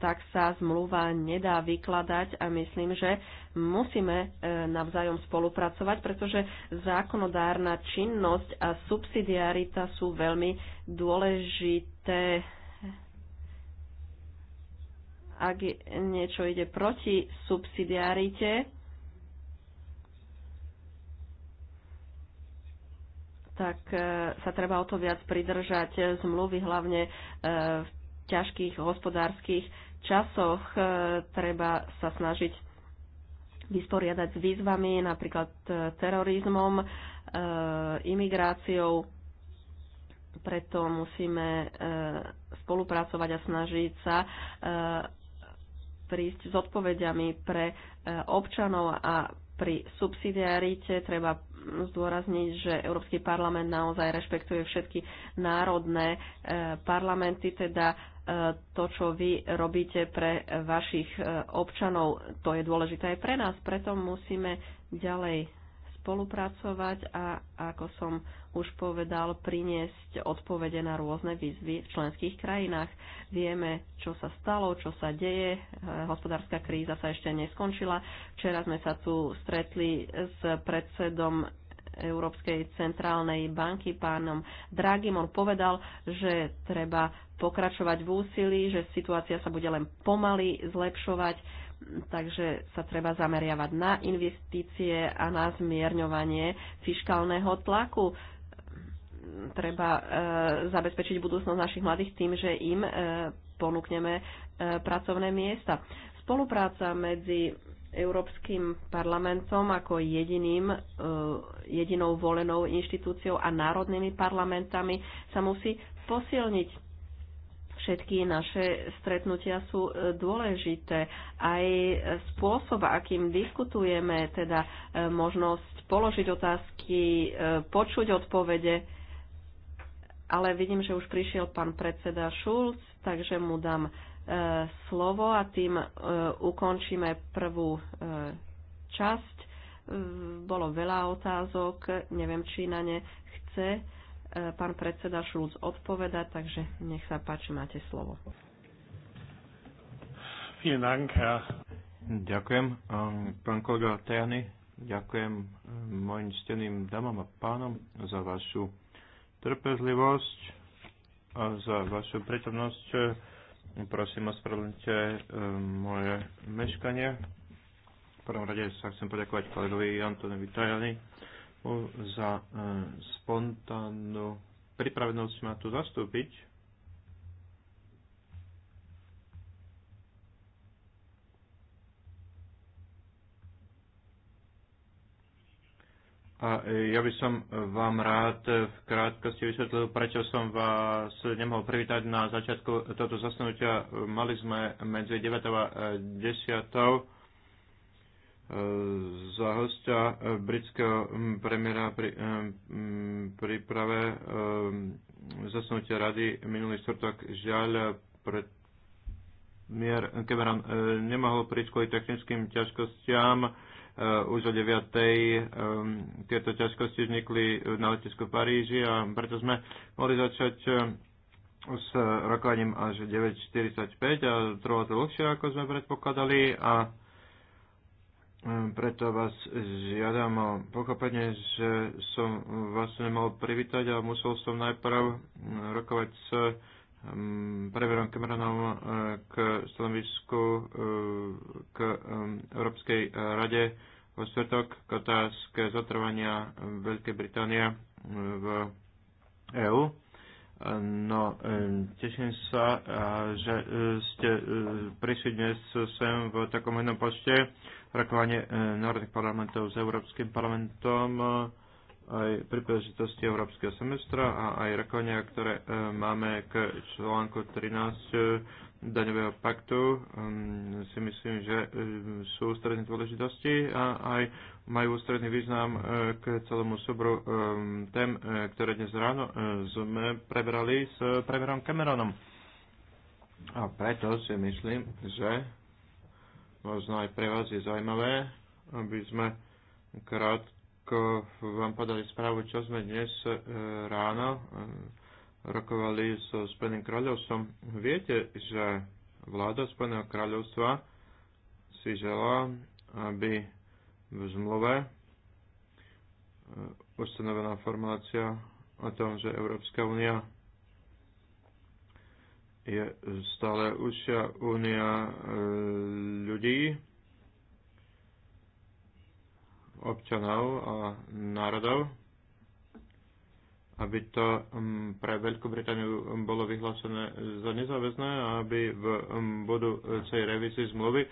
tak sa zmluva nedá vykladať a myslím, že musíme e, navzájom spolupracovať, pretože zákonodárna činnosť a subsidiarita sú veľmi dôležité ak niečo ide proti subsidiarite, tak e, sa treba o to viac pridržať zmluvy, hlavne e, v ťažkých hospodárskych časoch. E, treba sa snažiť vysporiadať s výzvami, napríklad terorizmom, imigráciou. Preto musíme spolupracovať a snažiť sa prísť s odpovediami pre e, občanov a pri subsidiarite treba zdôrazniť, že Európsky parlament naozaj rešpektuje všetky národné e, parlamenty, teda e, to, čo vy robíte pre vašich občanov, to je dôležité aj pre nás, preto musíme ďalej spolupracovať a, ako som už povedal, priniesť odpovede na rôzne výzvy v členských krajinách. Vieme, čo sa stalo, čo sa deje. E, hospodárska kríza sa ešte neskončila. Včera sme sa tu stretli s predsedom Európskej centrálnej banky pánom Dragim. On povedal, že treba pokračovať v úsilí, že situácia sa bude len pomaly zlepšovať takže sa treba zameriavať na investície a na zmierňovanie fiskálneho tlaku. Treba e, zabezpečiť budúcnosť našich mladých tým, že im e, ponúkneme e, pracovné miesta. Spolupráca medzi Európskym parlamentom ako jediným, e, jedinou volenou inštitúciou a národnými parlamentami sa musí posilniť Všetky naše stretnutia sú e, dôležité. Aj spôsob, akým diskutujeme, teda e, možnosť položiť otázky, e, počuť odpovede. Ale vidím, že už prišiel pán predseda Šulc, takže mu dám slovo a tým ukončíme prvú časť. Bolo veľa otázok, neviem, či na ne chce E, pán predseda Šulc odpovedať, takže nech sa páči, máte slovo. Ďakujem. Pán kolega Tejany, ďakujem mojim steným damám a pánom za vašu trpezlivosť a za vašu prítomnosť. Prosím, ospravedlňte moje meškanie. V prvom rade sa chcem poďakovať kolegovi Antonovi Tajany za e, spontánnu pripravenosť ma tu zastúpiť. A e, ja by som vám rád v krátkosti vysvetlil, prečo som vás nemohol privítať na začiatku tohto zasnutia. Mali sme medzi 9 a 10 za hostia eh, britského mm, premiéra pri eh, mm, príprave eh, zasnutia rady minulý štvrtok. Žiaľ, Mier Cameron nemohol prísť kvôli technickým ťažkostiam. Už o 9. tieto ťažkosti vznikli na letisku v Paríži a preto sme mohli začať s rokovaním až 9.45 a trvalo to dlhšie, ako sme predpokladali a Hm, preto vás žiadam o pochopenie, že som vás nemal privítať a musel som najprv hm, rokovať s hm, premiérom Cameronom k stanovisku k Európskej rade vo svetok k otázke zotrvania Veľkej Británie v EÚ. No, teším sa, že ste prišli dnes sem v takom jednom počte rokovanie e, národných parlamentov s Európskym parlamentom e, aj pri príležitosti Európskeho semestra a aj rokovania, ktoré e, máme k článku 13 daňového paktu, ehm, si myslím, že sú ústredné dôležitosti a aj majú ústredný význam k celému súboru tém, ktoré dnes ráno sme prebrali s premiérom Cameronom. A preto si myslím, že možno aj pre vás je zaujímavé, aby sme krátko vám podali správu, čo sme dnes e, ráno e, rokovali so Spojeným kráľovstvom. Viete, že vláda Spojeného kráľovstva si želá, aby v zmluve e, ustanovená formulácia o tom, že Európska únia je stále užšia únia e, ľudí, občanov a národov, aby to pre Veľkú Britániu bolo vyhlásené za nezáväzné a aby v budúcej revízii zmluvy e,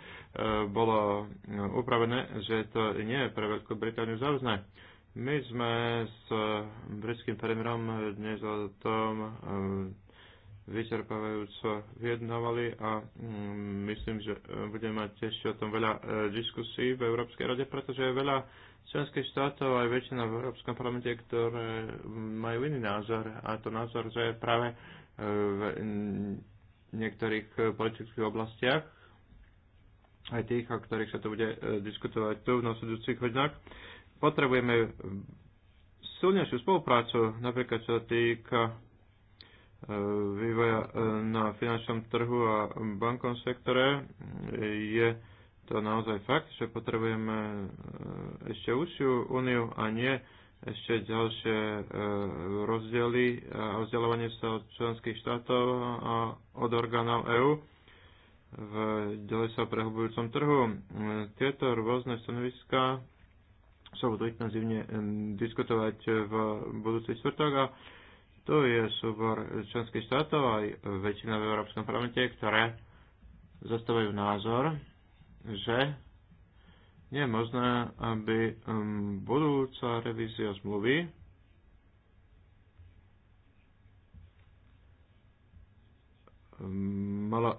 bolo upravené, že to nie je pre Veľkú Britániu záväzné. My sme s britským premiérom dnes o tom e, vyčerpávajúco vyjednávali a mm, myslím, že e, budeme mať ešte o tom veľa e, diskusí v Európskej rade, pretože je veľa členských štátov aj väčšina v Európskom parlamente, ktoré mm, majú iný názor a to názor, že práve e, v niektorých politických oblastiach aj tých, o ktorých sa to bude diskutovať tu v nasledujúcich hodinách. Potrebujeme silnejšiu spoluprácu, napríklad čo týka E, vývoja e, na finančnom trhu a bankom sektore je to naozaj fakt, že potrebujeme e, ešte užšiu úniu a nie ešte ďalšie rozdiely a vzdelávanie sa od členských štátov a od orgánov EÚ v ďalej sa prehlbujúcom trhu. Tieto rôzne stanoviská sa budú intenzívne diskutovať v budúci čtvrtok a tu je súbor členských štátov aj väčšina v Európskom parlamente, ktoré zastávajú názor, že nie je možné, aby um, budúca revízia zmluvy mala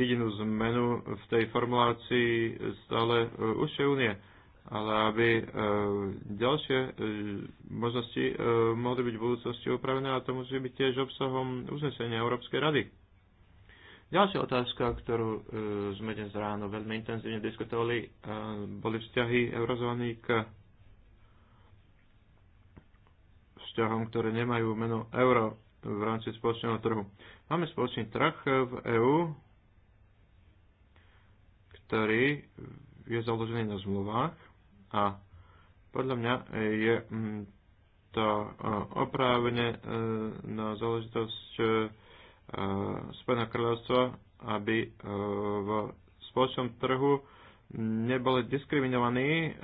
jedinú zmenu v tej formulácii stále užšej uh, únie ale aby e, ďalšie e, možnosti e, mohli byť v budúcnosti upravené a to musí byť tiež obsahom uznesenia Európskej rady. Ďalšia otázka, ktorú e, sme dnes ráno veľmi intenzívne diskutovali, e, boli vzťahy eurozóny k vzťahom, ktoré nemajú meno euro v rámci spoločného trhu. Máme spoločný trh v EÚ, ktorý je založený na zmluvách a podľa mňa e, je mm, to e, oprávne e, na záležitosť Spojeného kráľovstva, aby v spoločnom trhu neboli diskriminovaní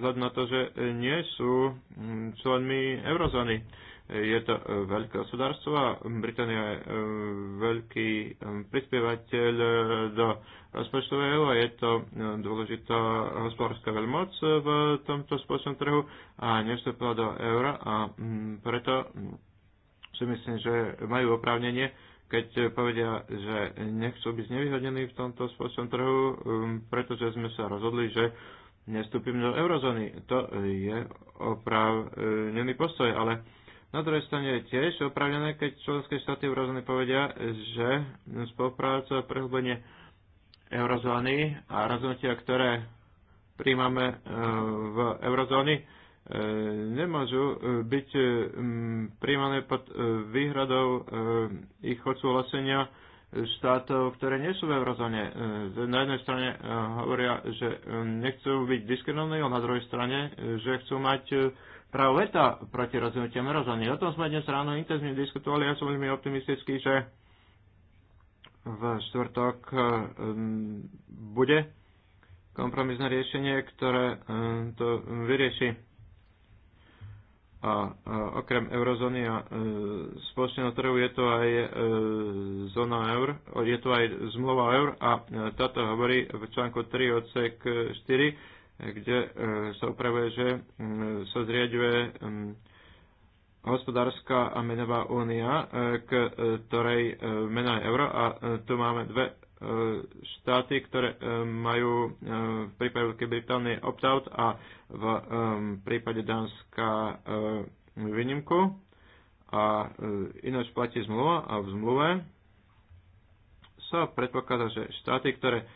vzhľadom na to, že nie sú mm, členmi eurozóny je to e, veľké hospodárstvo a Británia je e, veľký e, prispievateľ do rozpočtového, EU a je to dôležitá hospodárska veľmoc v tomto spoločnom trhu a nevstúpila do eura a mm, preto si myslím, že majú oprávnenie keď povedia, že nechcú byť nevyhodnení v tomto spoločnom trhu, pretože sme sa rozhodli, že nestúpim do eurozóny. To je oprávnený postoj, ale na druhej strane je tiež opravnené, keď členské štáty eurozóny povedia, že spolupráca a prehlbenie eurozóny a rozhodnutia, ktoré príjmame e, v eurozóny, e, nemôžu e, byť príjmané pod výhradou ich odsúhlasenia štátov, ktoré nie sú v eurozóne. Na jednej strane hovoria, že nechcú byť diskriminovaní, a na druhej strane, že chcú mať právo veta proti rozhodnutiam eurozóny. O tom sme dnes ráno intenzívne diskutovali. Ja som veľmi optimistický, že v štvrtok ehm, bude kompromisné riešenie, ktoré ehm, to vyrieši. A, a okrem eurozóny a e, spoločného trhu je to aj e, zóna eur, je to aj zmluva eur a e, táto hovorí v článku 3 odsek 4, e, kde e, sa upravuje, že sa zriaďuje hospodárska a menová únia, e, e, ktorej mena je euro a tu máme dve štáty, ktoré majú v prípade Veľkej Británie opt-out a v prípade Dánska výnimku. A ináč platí zmluva a v zmluve sa predpokladá, že štáty, ktoré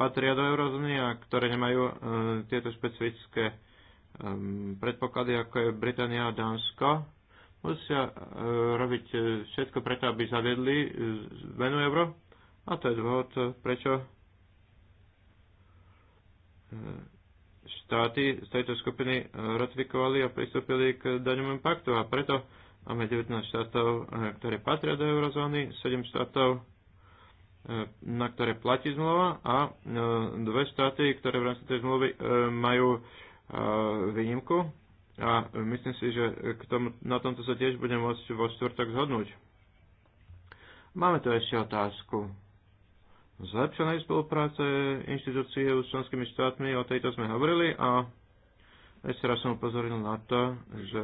patria do eurozóny a ktoré nemajú e, tieto špecifické e, predpoklady, ako je Británia a Dánsko, musia e, robiť e, všetko preto, aby zaviedli e, menu euro. A to je dôvod, e, prečo e, štáty z tejto skupiny ratifikovali a pristúpili k daňovému paktu. A preto máme 19 štátov, ktoré patria do eurozóny, 7 štátov, E, na ktoré platí zmluva a e, dve štáty, ktoré v rámci tej zmluvy e, majú výnimku. A myslím si, že k tomu, na tomto sa tiež budem môcť vo štvrtok zhodnúť. Máme tu ešte otázku. Zlepšenej spolupráce inštitúcie s členskými štátmi, o tejto sme hovorili a ešte raz som upozoril na to, že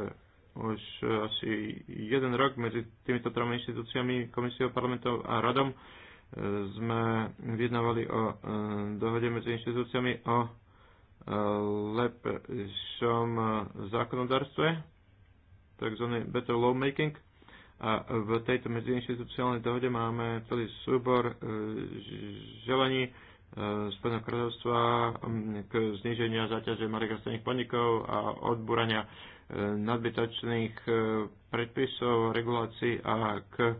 už asi jeden rok medzi týmito tromi inštitúciami, komisiou, parlamentom a radom sme vyjednávali o e, dohode medzi inštitúciami o e, lepšom zákonodárstve, tzv. better lawmaking. A v tejto medziinstitucionálnej dohode máme celý súbor e, želení Spojeného kráľovstva k zniženia záťaže malých podnikov a odbúrania nadbytočných predpisov, regulácií a k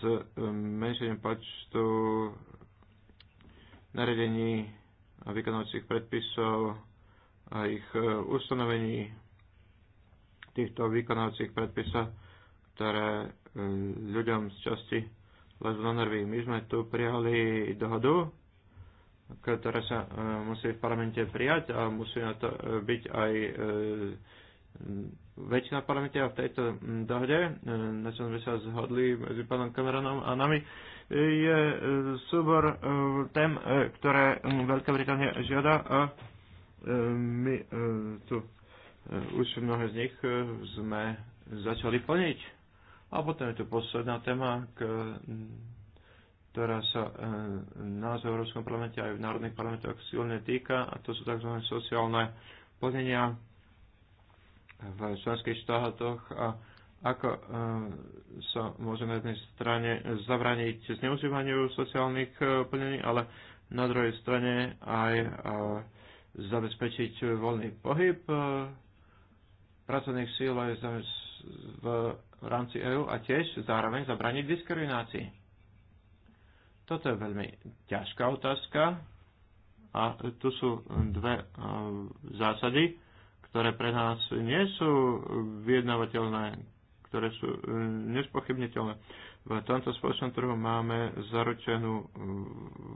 z um, menšením počtu naredení a vykonovacích predpisov a ich e, ustanovení týchto vykonovacích predpisov, ktoré e, ľuďom z časti lezu na nervy. My sme tu prijali dohodu, ktorá sa e, musí v parlamente prijať a musí na to byť aj väčšina v parlamente a v tejto mm, dohode, e, na čom sme sa zhodli medzi pánom Cameronom a nami, je e, súbor e, tém, ktoré mm, Veľká Británia žiada a my tu už mnohé z nich sme začali plniť. A potom je tu posledná téma, ktorá sa nás v Európskom parlamente aj v národných parlamentoch silne týka, a to sú tzv. sociálne plnenia v členských štátoch a ako eh, sa môže na jednej strane zabrániť zneužívaniu sociálnych eh, plnení, ale na druhej strane aj eh, zabezpečiť voľný pohyb pracovných síl aj v rámci EÚ a tiež zároveň zabrániť diskriminácii. Toto je veľmi ťažká otázka a tu sú dve zásady ktoré pre nás nie sú vyjednávateľné, ktoré sú e, nespochybniteľné. V tomto spoločnom trhu máme zaručenú e,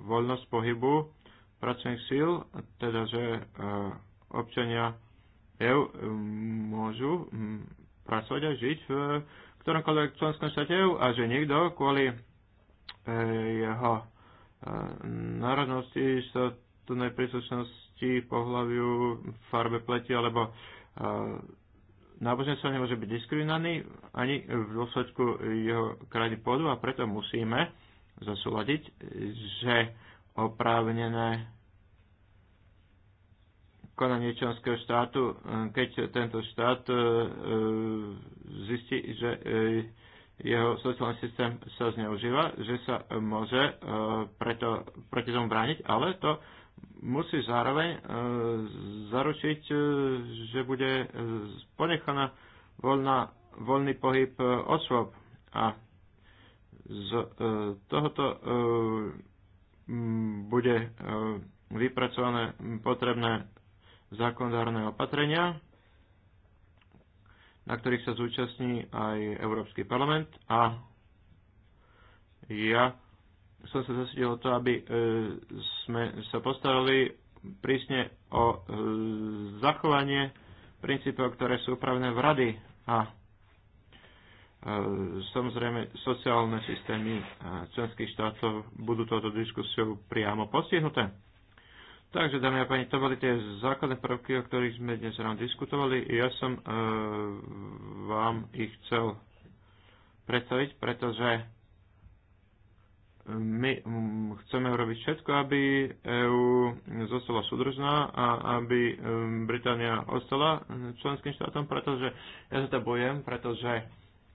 voľnosť pohybu pracovných síl, teda že e, občania EU môžu pracovať a žiť v ktoromkoľvek členskom štáte EU a že nikto kvôli jeho národnosti, štátnej príslušnosti národnosti, pohľaviu, farbe pleti alebo e, náboženstvo nemôže byť diskriminovaný ani v dôsledku jeho krajiny pôdu a preto musíme zasúľadiť, že oprávnené konanie členského štátu, e, keď tento štát e, zistí, že jeho sociálny systém sa zneužíva, že sa môže preto proti tomu brániť, ale to musí zároveň e, zaručiť, e, že bude e, ponechaná voľná, voľný pohyb osôb. A z tohoto bude vypracované potrebné zákonodárne opatrenia, na ktorých sa zúčastní aj Európsky parlament a ja som sa zasadil o to, aby e, sme sa postarali prísne o e, zachovanie princípov, ktoré sú upravené v rady a e, samozrejme sociálne systémy členských štátov budú touto diskusiou priamo postihnuté. Takže, dámy a páni, to boli tie základné prvky, o ktorých sme dnes ráno diskutovali. Ja som e, vám ich chcel predstaviť, pretože my mm, chceme urobiť všetko, aby EÚ zostala súdržná a aby mm, Británia ostala mm, členským štátom, pretože ja sa to bojem, pretože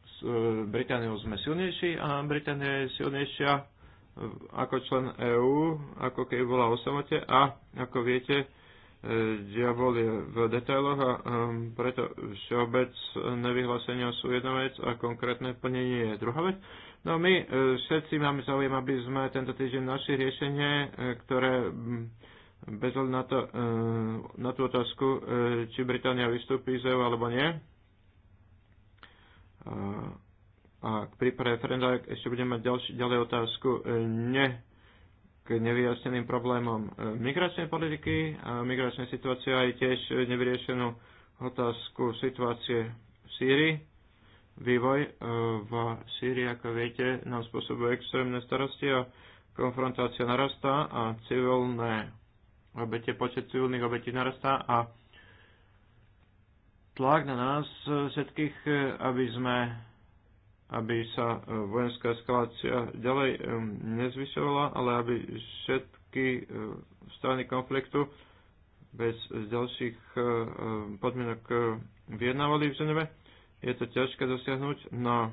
s e, Britániou sme silnejší a Británia je silnejšia e, ako člen EÚ, ako keď bola o samote a ako viete, diabol je v detailoch a ehm, preto všeobecné vyhlásenia sú jedna vec a konkrétne plnenie je druhá vec. No my e, všetci máme záujem, aby sme tento týždeň našli riešenie, e, ktoré bez na, to, e, na tú otázku, či Británia vystúpi z EU alebo nie. A a príprave referenda ešte budeme mať ďalej otázku ne nevyjasneným problémom e, migračnej politiky a migračnej situácie aj tiež nevyriešenú otázku situácie v Sýrii. Vývoj e, v Sýrii, ako viete, nám spôsobuje extrémne starosti a konfrontácia narastá a civilné obete, počet civilných obetí narastá a tlak na nás všetkých, e, aby sme aby sa e, vojenská eskalácia ďalej e, nezvyšovala, ale aby všetky e, strany konfliktu bez ďalších podmienok vyjednávali v Ženeve. Je to ťažké dosiahnuť, no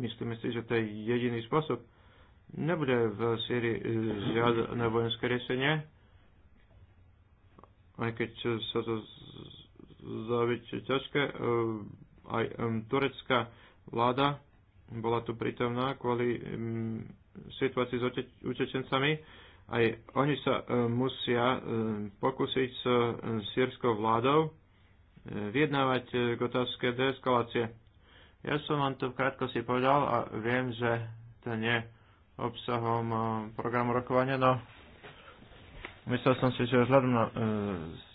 myslíme si, že to je jediný spôsob. Nebude v Syrii žiadne vojenské riešenie, aj keď sa to zaviť ťažké. Aj Turecka Vláda bola tu prítomná kvôli mm, situácii s utečencami. Aj oni sa e, musia e, pokúsiť s e, sírskou vládou vyjednávať um, otázke deeskalácie. Ja som vám to v krátkosti povedal a viem, že to nie obsahom programu rokovania, no myslel som si, že vzhľadom na um,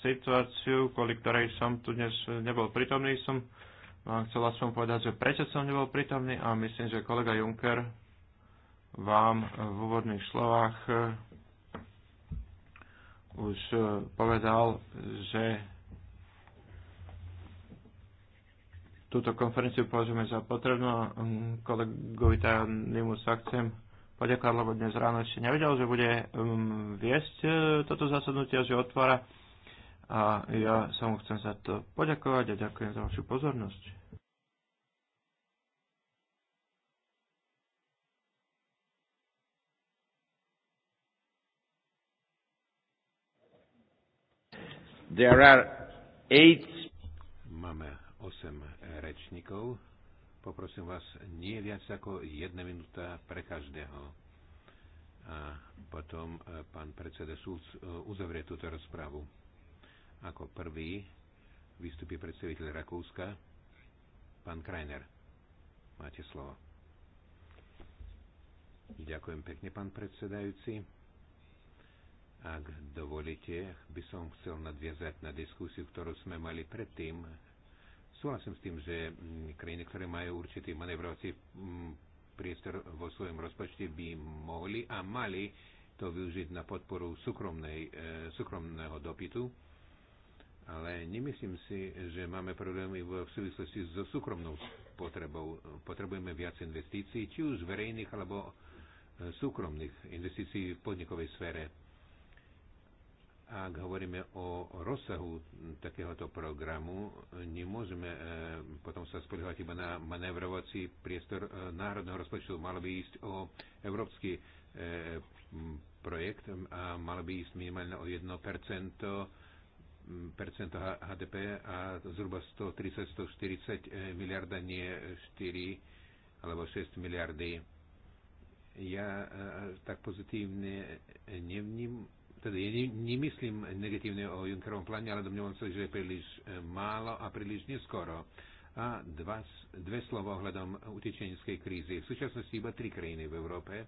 situáciu, kvôli ktorej som tu dnes nebol prítomný, som vám no chcel aspoň povedať, že prečo som nebol prítomný a myslím, že kolega Juncker vám v úvodných slovách eh, už eh, povedal, že túto konferenciu považujeme za potrebnú a mm, kolegovi Tajanimu sa chcem poďakovať, lebo dnes ráno ešte nevedel, že bude mm, viesť eh, toto zasadnutie že otvára a ja sa mu chcem za to poďakovať a ďakujem za vašu pozornosť. There are eight... Máme 8 rečníkov. Poprosím vás, nie viac ako jedna minúta pre každého. A potom e, pán predseda Šulc e, uzavrie túto rozprávu. Ako prvý vystupí predstaviteľ Rakúska, pán Krajner. Máte slovo. Ďakujem pekne, pán predsedajúci. Ak dovolíte, by som chcel nadviazať na diskusiu, ktorú sme mali predtým. Súhlasím s tým, že mm, krajiny, ktoré majú určitý manevrovací mm, priestor vo svojom rozpočte, by mohli a mali to využiť na podporu súkromnej, e, súkromného dopytu. Ale nemyslím si, že máme problémy v súvislosti so súkromnou potrebou. Potrebujeme viac investícií, či už verejných alebo e, súkromných investícií v podnikovej sfére ak hovoríme o rozsahu takéhoto programu, nemôžeme e, potom sa spoliehať iba na manévrovací priestor e, národného rozpočtu. Malo by ísť o európsky e, projekt a malo by ísť minimálne o 1% percento HDP a zhruba 130-140 miliarda, nie 4 alebo 6 miliardy. Ja tak pozitívne nevním, teda ja nemyslím negatívne o Junckerovom pláne, ale domnievam sa, že je príliš e, málo a príliš neskoro. A dva, dve slova ohľadom utečeneckej krízy. V súčasnosti iba tri krajiny v Európe e,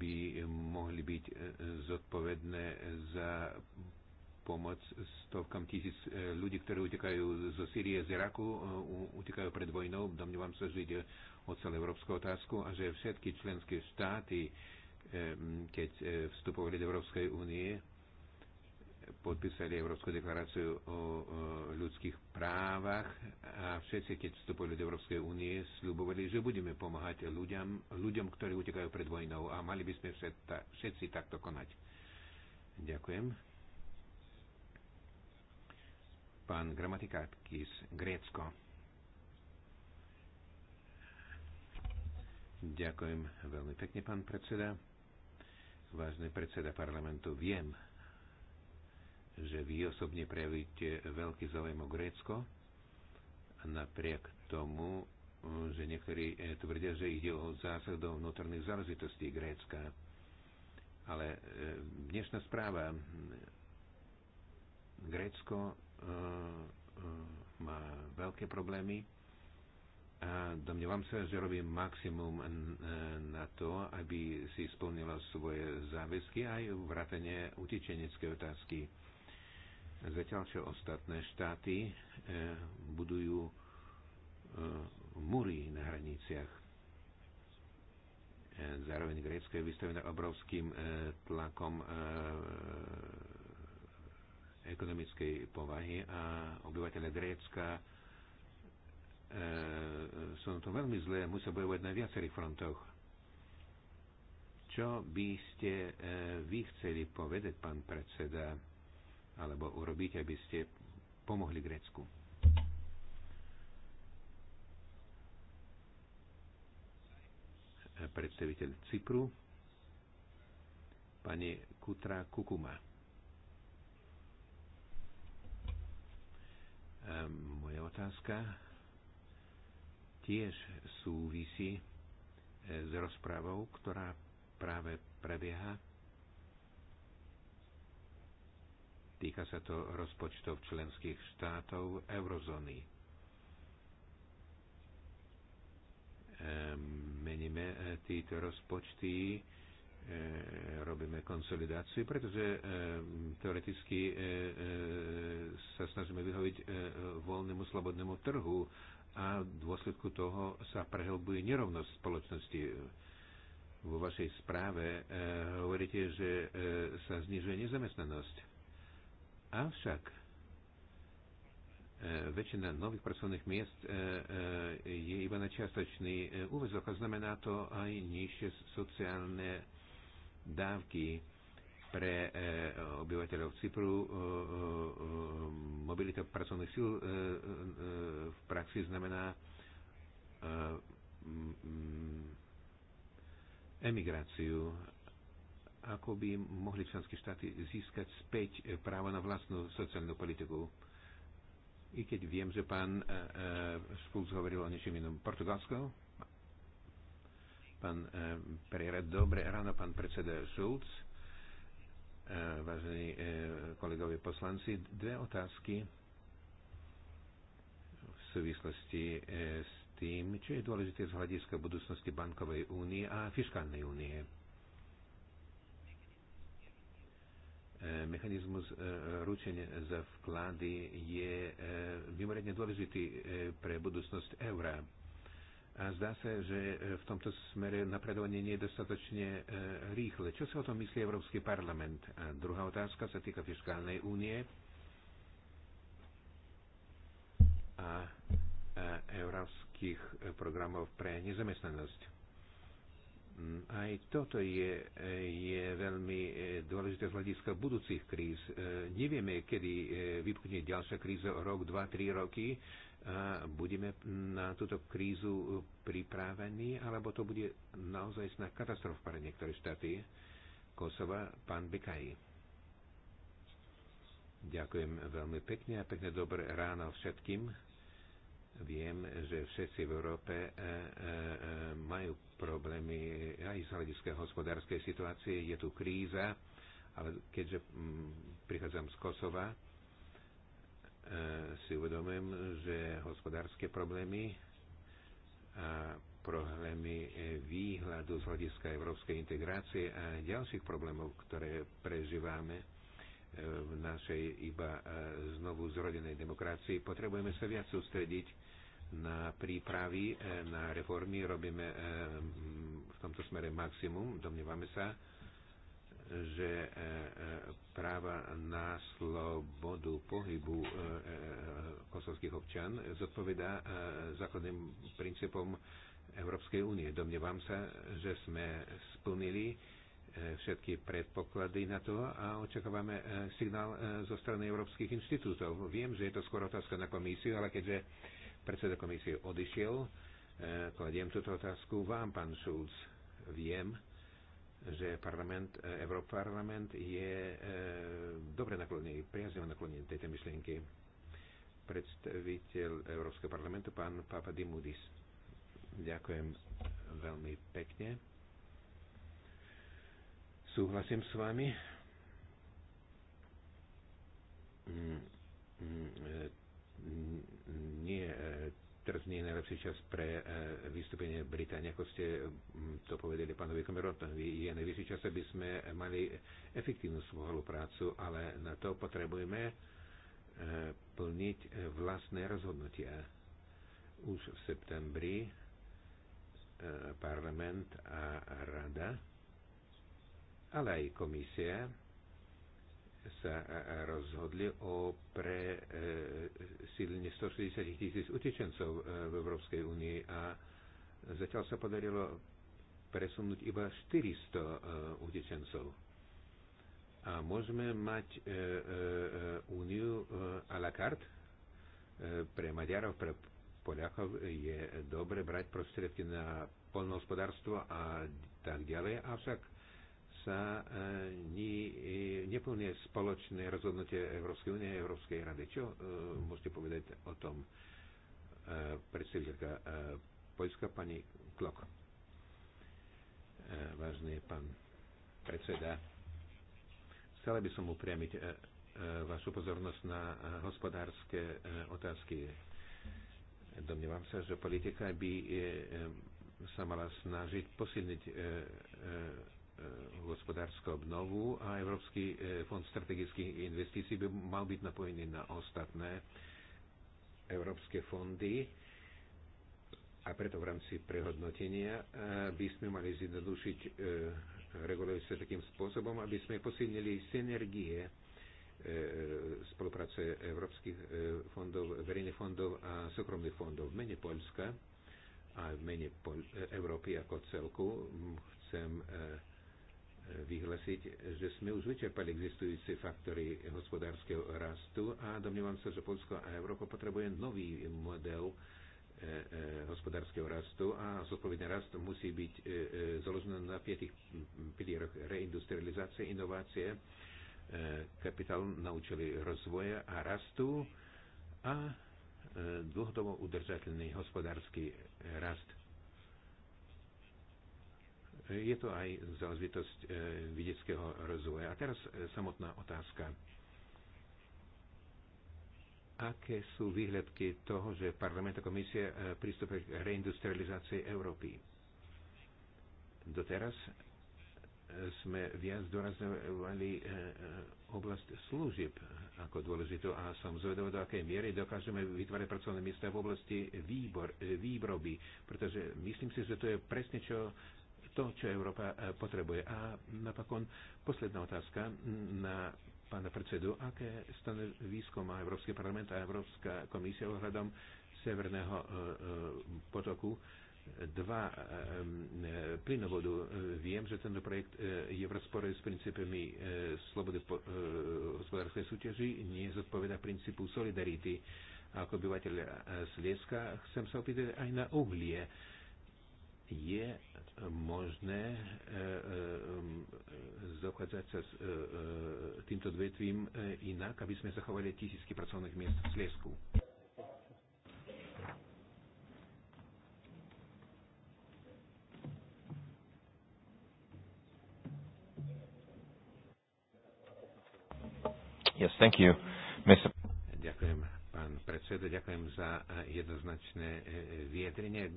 by mohli byť e, zodpovedné za pomoc stovkám tisíc ľudí, ktorí utekajú zo Sýrie, z Iraku, utekajú pred vojnou. Domnívam sa, že ide o európsku otázku a že všetky členské štáty keď e, vstupovali do Európskej únie, podpísali Európsku deklaráciu o ľudských právach a všetci, keď vstupovali do Európskej únie, sľubovali, že budeme pomáhať ľuďom, ľuďom, ktorí utekajú pred vojnou a mali by sme všetci takto konať. Ďakujem. Pán Gramatikákis, Grécko. Ďakujem veľmi pekne, pán predseda. Vážny predseda parlamentu, viem, že vy osobne prejavíte veľký záujem o Grécko, napriek tomu, že niektorí eh, tvrdia, že ide o zásah do vnútorných záležitostí Grécka. Ale eh, dnešná správa Grécko eh, má veľké problémy Domnievam sa, že robím maximum eh, na to, aby si splnila svoje záväzky aj vrátane utečeneckej otázky. Zatiaľ, čo ostatné štáty eh, budujú eh, múry na hraniciach. Zároveň Grécko je vystavené obrovským tlakom ekonomickej povahy a obyvateľe Grécka sú na veľmi zlé, musia bojovať na viacerých frontoch. Čo by ste e, vy chceli povedať, pán predseda, alebo urobiť, aby ste pomohli Grécku? predstaviteľ Cypru, pani Kutra Kukuma. E, moja otázka tiež súvisí e, s rozprávou, ktorá práve prebieha. Týka sa to rozpočtov členských štátov eurozóny. E, meníme e, tieto rozpočty, robíme konsolidáciu, pretože teoreticky sa snažíme vyhoviť voľnému slobodnému trhu a v dôsledku toho sa prehlbuje nerovnosť spoločnosti. Vo vašej správe e, hovoríte, že e, sa znižuje nezamestnanosť. Avšak e, väčšina nových pracovných miest e, e, je iba na čiastočný úvezok a znamená to aj nižšie sociálne dávky pre e, obyvateľov Cypru e, e, mobilita pracovných síl v praxi znamená mm, emigráciu. Ako by mohli členské štáty získať späť právo na vlastnú sociálnu politiku? I keď viem, že pán Spulc hovoril o niečom inom. Portugalsko? Pán Prierad, dobre ráno, pán predseda Šulc Eh, vážení eh, kolegovi poslanci. Dve otázky v súvislosti eh, s tým, čo je dôležité z hľadiska budúcnosti bankovej únie a fiskálnej únie. mechanizmus ručenia za vklady je mimoriadne dôležitý pre budúcnosť eura. A zdá sa, že e, v tomto smere napredovanie nie je dostatočne e, rýchle. Čo si o tom myslí Európsky parlament? A druhá otázka sa týka fiskálnej únie a európskych programov pre nezamestnanosť. Mm, aj toto je, e, je veľmi dôležité z hľadiska budúcich kríz. Nevieme, kedy vypukne ďalšia kríza, rok, dva, tri roky a budeme na túto krízu pripravení, alebo to bude naozaj sná katastrof pre niektoré štáty Kosova, pán Bekaji. Ďakujem veľmi pekne a pekne dobré ráno všetkým. Viem, že všetci v Európe e, e, e, majú problémy aj z hľadiska hospodárskej situácie. Je tu kríza, ale keďže mm, prichádzam z Kosova, E, si uvedomujem, že hospodárske problémy a problémy e, výhľadu z hľadiska európskej integrácie a ďalších problémov, ktoré prežívame e, v našej iba znovu zrodenej demokracii, potrebujeme sa viac sústrediť na prípravy, na reformy. Robíme v tomto smere maximum, domnievame sa, že e, e, práva na slobodu pohybu e, kosovských občan zodpovedá základným princípom Európskej únie. Domnievam sa, že sme splnili všetky predpoklady na to a očakávame signál zo strany európskych inštitútov. Viem, že je to skôr otázka na komisiu, ale keďže predseda komisie odišiel, kladiem túto otázku vám, pán Šulc. Viem, že parlament, e, Európarlament je e, dobre naklonený, priaznivo naklonený tejto myšlienky. Predstaviteľ Európskeho parlamentu, pán Papa Dimudis. Ďakujem veľmi pekne. Súhlasím s vami. Mm, mm, e, nie teraz nie je najlepší čas pre e, vystúpenie Británie, ako ste to povedali pánovi Cameronovi. Je najvyšší čas, aby sme mali efektívnu spoluprácu, ale na to potrebujeme e, plniť vlastné rozhodnutia. Už v septembri e, parlament a rada, ale aj komisia sa rozhodli o presídlenie 160 tisíc utečencov eh, v Európskej únii a zatiaľ sa podarilo presunúť iba 400 eh, utečencov. A môžeme mať eh, úniu a la carte pre Maďarov, pre Poliakov je dobre brať prostriedky na polnohospodárstvo a tak ďalej, avšak sa e, ni, e, neplnie spoločné rozhodnutie Európskej únie a Európskej rady. Čo e, môžete povedať o tom e, predstaviteľka e, Poľska, pani Klok? E, Vážny pán predseda, chcela by som upriamiť e, e, vašu pozornosť na e, hospodárske e, otázky. Domnievam sa, že politika by e, e, sa mala snažiť posilniť e, e E, hospodárskú obnovu a Európsky e, fond strategických investícií by mal byť napojený na ostatné európske fondy a preto v rámci prehodnotenia e, by sme mali zjednodušiť sa takým spôsobom, aby sme posilnili synergie spolupráce európskych fondov, verejných fondov a súkromných fondov v mene Polska a v mene Pol- Európy ako celku. Chcem vyhlásiť, že sme už vyčerpali existujúce faktory hospodárskeho rastu a domnievam sa, že Polsko a Európa potrebuje nový model e, e, hospodárskeho rastu a zodpovedný rast musí byť e, založený na piatich pilieroch reindustrializácie, inovácie, kapitál na účely rozvoja a rastu a dlhodobo udržateľný hospodársky rast je to aj záležitosť e, vidieckého rozvoja. A teraz e, samotná otázka. Aké sú výhľadky toho, že parlament a komisia e, pristúpe k reindustrializácii Európy? Doteraz sme viac dorazovali oblasť služieb ako dôležitú a som zvedol, do akej miery dokážeme vytvárať pracovné miesta v oblasti výbor, výroby, pretože myslím si, že to je presne, čo to, čo Európa e, potrebuje. A napokon posledná otázka na pána predsedu. Aké stanovisko má Európsky parlament a Európska komisia ohľadom Severného e, e, potoku? dva plynovodu. Viem, že tento projekt je v rozpore s princípami slobody hospodárskej súťaži, nie zodpoveda princípu solidarity. Ako obyvateľ Slieska chcem sa opýtať aj na uhlie je možné e, e, zaobchádzať sa s e, týmto dvetvím inak, aby sme zachovali tisícky pracovných miest v Slesku. Yes, thank you, Mr predseda, ďakujem za jednoznačné e, e, vyjadrenie. E,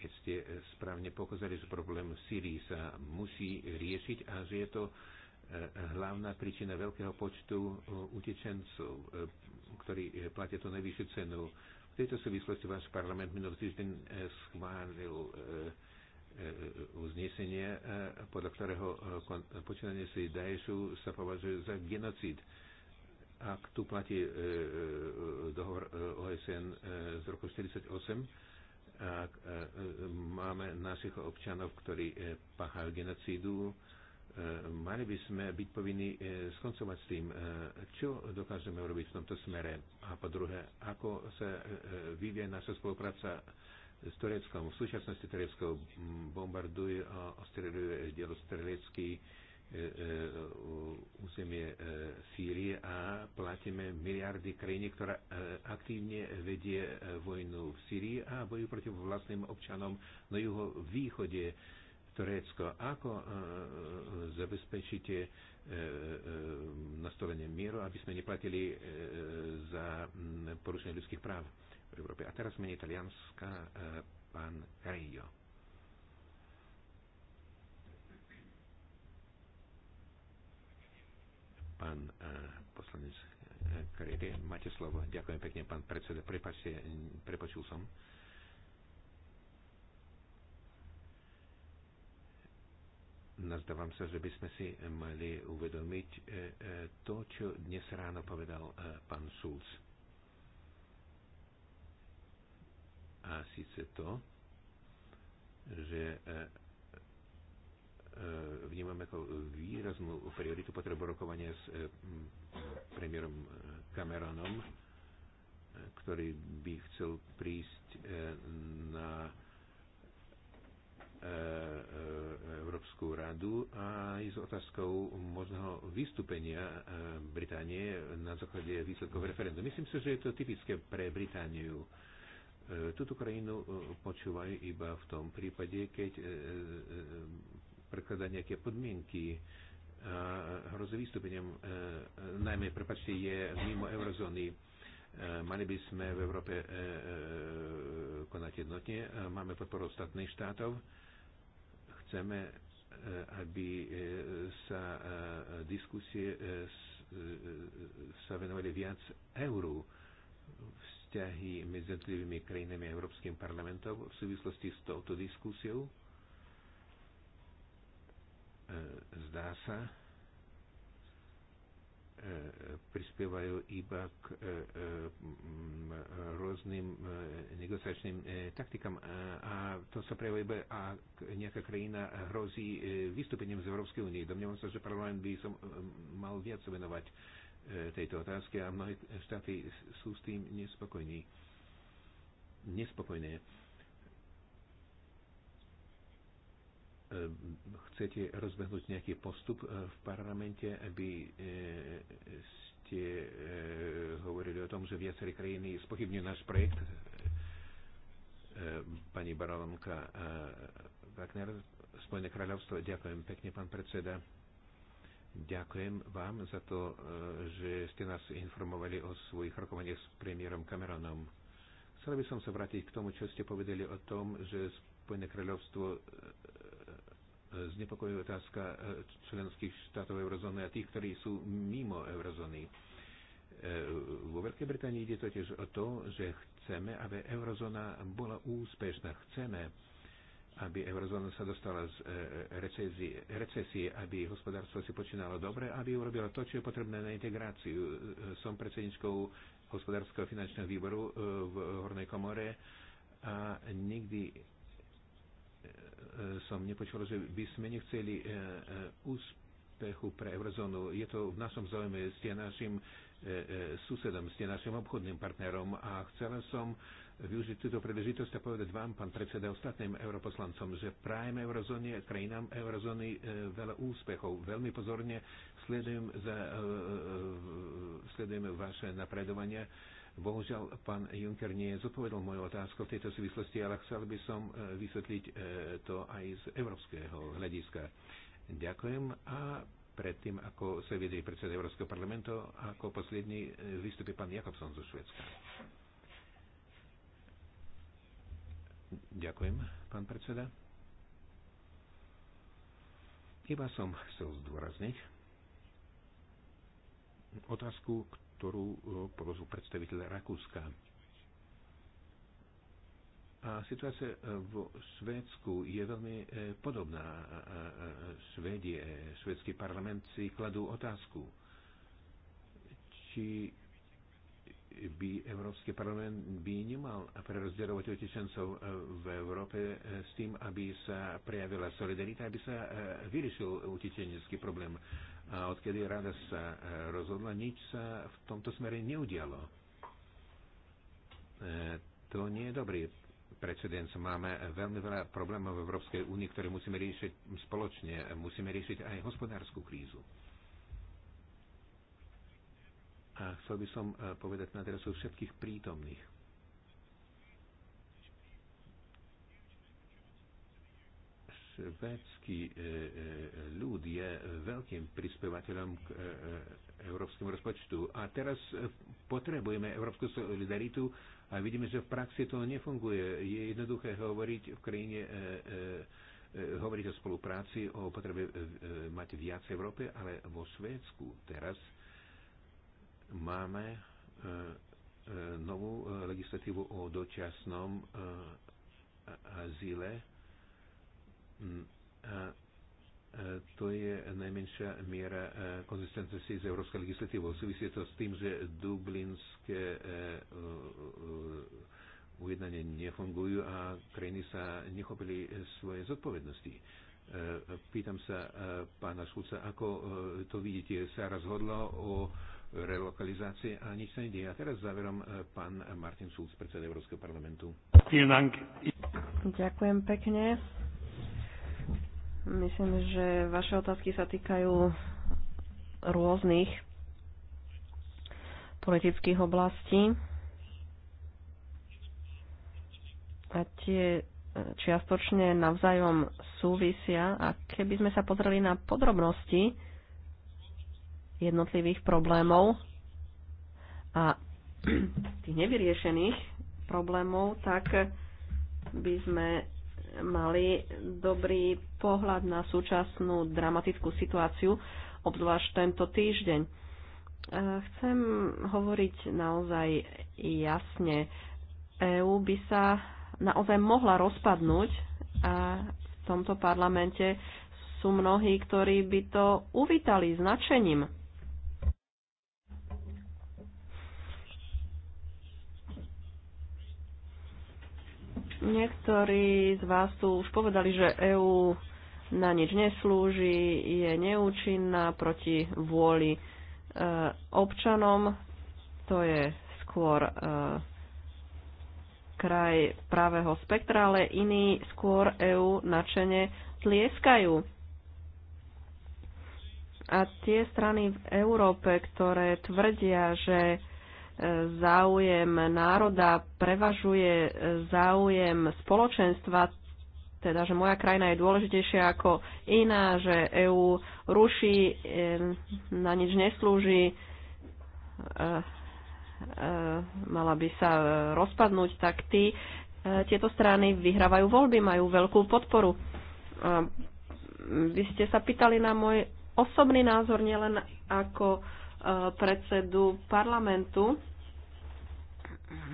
keď ste správne pokazali, že problém v Syrii sa musí riešiť a že je to hlavná príčina veľkého počtu utečencov, ktorí platia tú najvyššiu cenu. V tejto súvislosti váš parlament minulý týždeň schválil uznesenie, podľa ktorého počínanie si Daešu sa považuje za genocid ak tu platí e, e dohovor e, OSN e, z roku 48, ak e, máme našich občanov, ktorí e, páchajú genocídu, e, mali by sme byť povinní e, skoncovať s tým, e, čo dokážeme robiť v tomto smere. A po druhé, ako sa e, vyvie naša spolupráca s Tureckom. V súčasnosti Turecko bombarduje a ostreľuje dielo strelecký e, E, e, územie e, Sýrie a platíme miliardy krajiny, ktorá aktívne vedie vojnu v Sýrii a boju proti vlastným občanom na juho východe Turecko. Ako zabezpečíte nastolenie mieru, aby sme neplatili za porušenie ľudských práv v Európe? A teraz menej italianská pán Carillo. Pán e, poslanec e, Krery, máte slovo. Ďakujem pekne, pán predseda. Prepačte, prepočul som. nazdávam sa, že by sme si mali uvedomiť e, to, čo dnes ráno povedal pán Schulz. A síce to, že E, vnímam ako výraznú prioritu potrebu rokovania s e, premiérom e, Cameronom, ktorý by chcel prísť na Európsku radu a aj s otázkou možného vystúpenia Británie na základe výsledkov referendu. Myslím si, že je to typické pre Britániu. Tuto krajinu počúvajú iba v tom prípade, keď predkladá nejaké podmienky e, hrozí vystúpením, e, e, najmä, prepačte, je mimo eurozóny. Mali by sme v Európe konať jednotne. Máme podporu ostatných štátov. Chceme, aby sa diskusie sa venovali viac euru vzťahy medzi jednotlivými krajinami a Európskym parlamentom v súvislosti s touto diskusiou E, zdá sa, e, prispievajú iba k e, rôznym negociačným taktikám a to sa prejavuje iba, ak nejaká krajina hrozí vystúpením z Európskej únie. Domnievam sa, že parlament by som mal viac venovať tejto otázke a mnohé štáty sú s tým nespokojní. Nespokojné Ehm, chcete rozbehnúť nejaký postup eh, v parlamente, aby eh, ste eh, hovorili o tom, že viaceré krajiny spochybňujú náš projekt. Ehm, pani baronka Wagner, Spojené kráľovstvo, ďakujem pekne, pán predseda. Ďakujem vám za to, že ste nás informovali o svojich rokovaniach s premiérom Cameronom. Chcel by som sa vrátiť k tomu, čo ste povedali o tom, že Spojené kráľovstvo E, znepokojuje otázka e, členských štátov eurozóny a tých, ktorí sú mimo eurozóny. E, vo Veľkej Británii ide totiž o to, že chceme, aby eurozóna bola úspešná. Chceme, aby eurozóna sa dostala z recesie, aby hospodárstvo si počínalo dobre, aby urobilo to, čo je potrebné na integráciu. Som predsedničkou hospodárskeho finančného výboru v Hornej komore a nikdy som nepočul, že by sme nechceli úspechu pre eurozónu. Je to v našom záujme, ste našim susedom, ste našim obchodným partnerom a chcel som využiť túto príležitosť a povedať vám, pán predseda, ostatným europoslancom, že prajem eurozóne, krajinám eurozóny veľa úspechov. Veľmi pozorne sledujem, za, sledujem vaše napredovanie Bohužiaľ, pán Juncker nie zodpovedal moju otázku v tejto súvislosti, ale chcel by som e, vysvetliť e, to aj z európskeho hľadiska. Ďakujem a predtým, ako sa vedie predseda Európskeho parlamentu, ako posledný e, vystupí pán Jakobson zo Švedska. Ďakujem, pán predseda. Iba som chcel zdôrazniť otázku, ktorú e, položil predstaviteľ Rakúska. A situácia e, v Švédsku je veľmi e, podobná. Švédie, švédsky parlament si kladú otázku, či by Európsky parlament by nemal prerozdeľovať utečencov v Európe s tým, aby sa prejavila solidarita, aby sa vyriešil utečenecký problém. A odkedy rada sa e, rozhodla, nič sa v tomto smere neudialo. E, to nie je dobrý precedens. Máme veľmi veľa problémov v Európskej únii, ktoré musíme riešiť spoločne. Musíme riešiť aj hospodárskú krízu. A chcel by som e, povedať na teraz všetkých prítomných. švedský e, e, ľud je veľkým prispievateľom k e, európskemu rozpočtu. A teraz potrebujeme európsku solidaritu a vidíme, že v praxi to nefunguje. Je jednoduché hovoriť v krajine hovoriť o spolupráci, o potrebe mať viac Európy, ale vo Švédsku teraz máme novú legislatívu o dočasnom azile Mm, a to je najmenšia miera e, konzistencie s európskou legislatívou. Súvisí to s tým, že dublinské e, e, ujednanie nefungujú a krajiny sa nechopili svoje zodpovednosti. Pýtam sa pána Šulca, ako to vidíte, sa rozhodlo o relokalizácii a nič sa nedie. A teraz záverom pán Martin Šulc, predseda Európskeho parlamentu. Ďakujem pekne. Myslím, že vaše otázky sa týkajú rôznych politických oblastí a tie e, čiastočne navzájom súvisia a keby sme sa pozreli na podrobnosti jednotlivých problémov a tých nevyriešených problémov, tak by sme mali dobrý pohľad na súčasnú dramatickú situáciu, obzvlášť tento týždeň. E, chcem hovoriť naozaj jasne. EÚ by sa naozaj mohla rozpadnúť a v tomto parlamente sú mnohí, ktorí by to uvítali značením. Niektorí z vás tu už povedali, že EÚ na nič neslúži, je neúčinná proti vôli e, občanom. To je skôr e, kraj pravého spektra, ale iní skôr EÚ načene tlieskajú. A tie strany v Európe, ktoré tvrdia, že záujem národa prevažuje záujem spoločenstva, teda že moja krajina je dôležitejšia ako iná, že EÚ ruší, na nič neslúži, e, e, mala by sa e, rozpadnúť, tak tí, tieto strany vyhrávajú voľby, majú veľkú podporu. Vy ste sa pýtali na môj osobný názor, nielen ako predsedu parlamentu.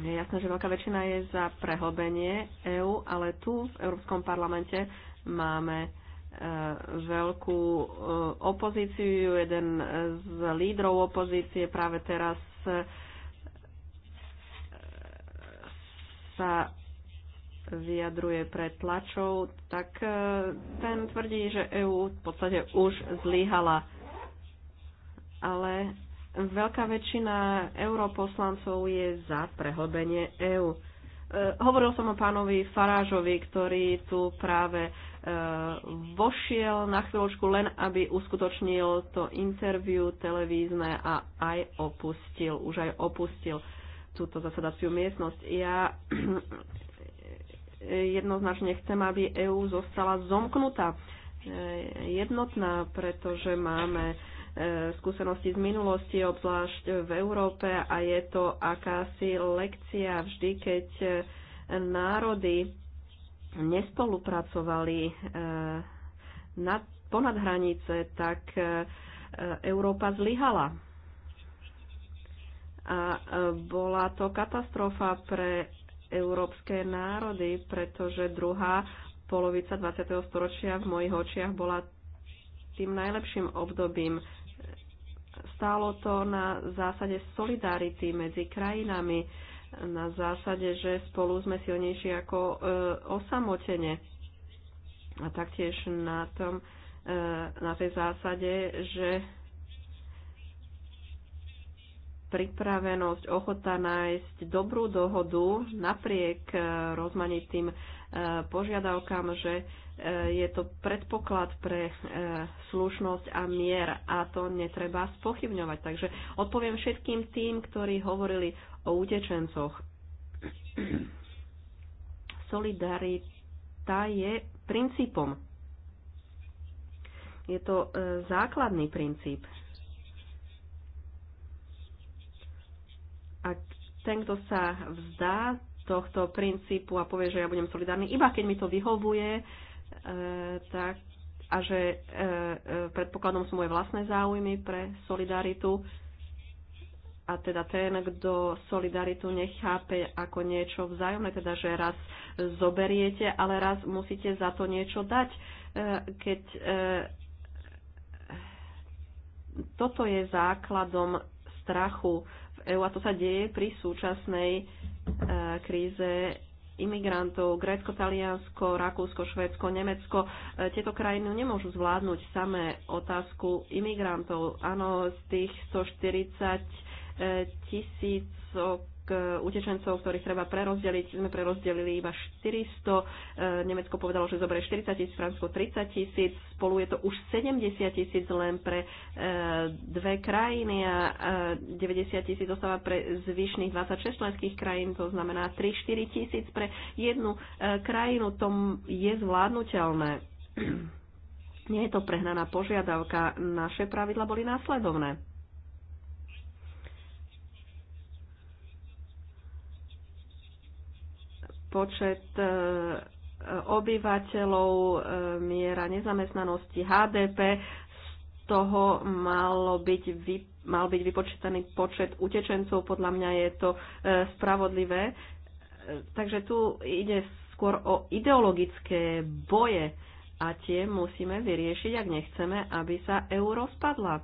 Je jasné, že veľká väčšina je za prehlbenie EÚ, ale tu v Európskom parlamente máme e, veľkú e, opozíciu. Jeden z lídrov opozície práve teraz e, sa vyjadruje pre tlačov, tak ten tvrdí, že EÚ v podstate už zlyhala ale veľká väčšina europoslancov je za prehlbenie EÚ. E, hovoril som o pánovi Farážovi, ktorý tu práve e, vošiel na chvíľočku len, aby uskutočnil to interviu televízne a aj opustil, už aj opustil túto zasadaciu miestnosť. Ja jednoznačne chcem, aby EÚ zostala zomknutá, e, jednotná, pretože máme skúsenosti z minulosti, obzvlášť v Európe a je to akási lekcia vždy, keď e, národy nespolupracovali e, nad, ponad hranice, tak e, Európa zlyhala. A bola to katastrofa pre európske národy, pretože druhá polovica 20. storočia v mojich očiach bola tým najlepším obdobím Stálo to na zásade solidarity medzi krajinami, na zásade, že spolu sme silnejší ako e, osamotene. A taktiež na, tom, e, na tej zásade, že pripravenosť, ochota nájsť dobrú dohodu napriek e, rozmanitým e, požiadavkám, že E, je to predpoklad pre e, slušnosť a mier a to netreba spochybňovať. Takže odpoviem všetkým tým, ktorí hovorili o utečencoch. Solidarita je princípom. Je to e, základný princíp. A ten, kto sa vzdá tohto princípu a povie, že ja budem solidárny, iba keď mi to vyhovuje, E, tak, a že e, e, predpokladom sú moje vlastné záujmy pre solidaritu. A teda ten, kto solidaritu nechápe ako niečo vzájomné, teda že raz zoberiete, ale raz musíte za to niečo dať. Keď toto je základom strachu v EU a to sa deje pri súčasnej kríze imigrantov, Grécko, Taliansko, Rakúsko, Švédsko, Nemecko. E, tieto krajiny nemôžu zvládnuť samé otázku imigrantov. Áno, z tých 140 e, tisíc utečencov, ktorých treba prerozdeliť. Sme prerozdelili iba 400. E, Nemecko povedalo, že zoberie 40 tisíc, Francúzsko 30 tisíc. Spolu je to už 70 tisíc len pre e, dve krajiny a 90 e, tisíc zostáva pre zvyšných 26 členských krajín, to znamená 3-4 tisíc pre jednu krajinu. To je zvládnutelné. Nie je to prehnaná požiadavka. Naše pravidla boli následovné počet e, obyvateľov, e, miera nezamestnanosti, HDP, z toho malo byť vy, mal byť vypočítaný počet utečencov. Podľa mňa je to e, spravodlivé. Takže tu ide skôr o ideologické boje a tie musíme vyriešiť, ak nechceme, aby sa euro spadla.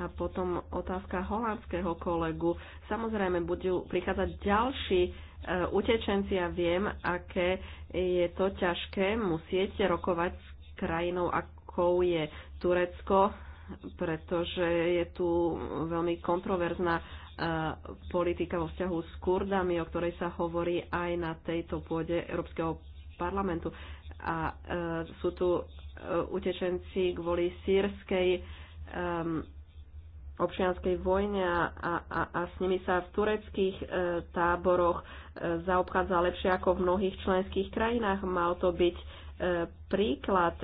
A potom otázka holandského kolegu. Samozrejme, budú prichádzať ďalší e, utečenci a viem, aké je to ťažké musieť rokovať s krajinou, akou je Turecko, pretože je tu veľmi kontroverzná e, politika vo vzťahu s Kurdami, o ktorej sa hovorí aj na tejto pôde Európskeho parlamentu. A e, sú tu e, utečenci kvôli sírskej e, občianskej vojne a, a, a, a s nimi sa v tureckých e, táboroch e, zaobchádza lepšie ako v mnohých členských krajinách. Mal to byť e, príklad.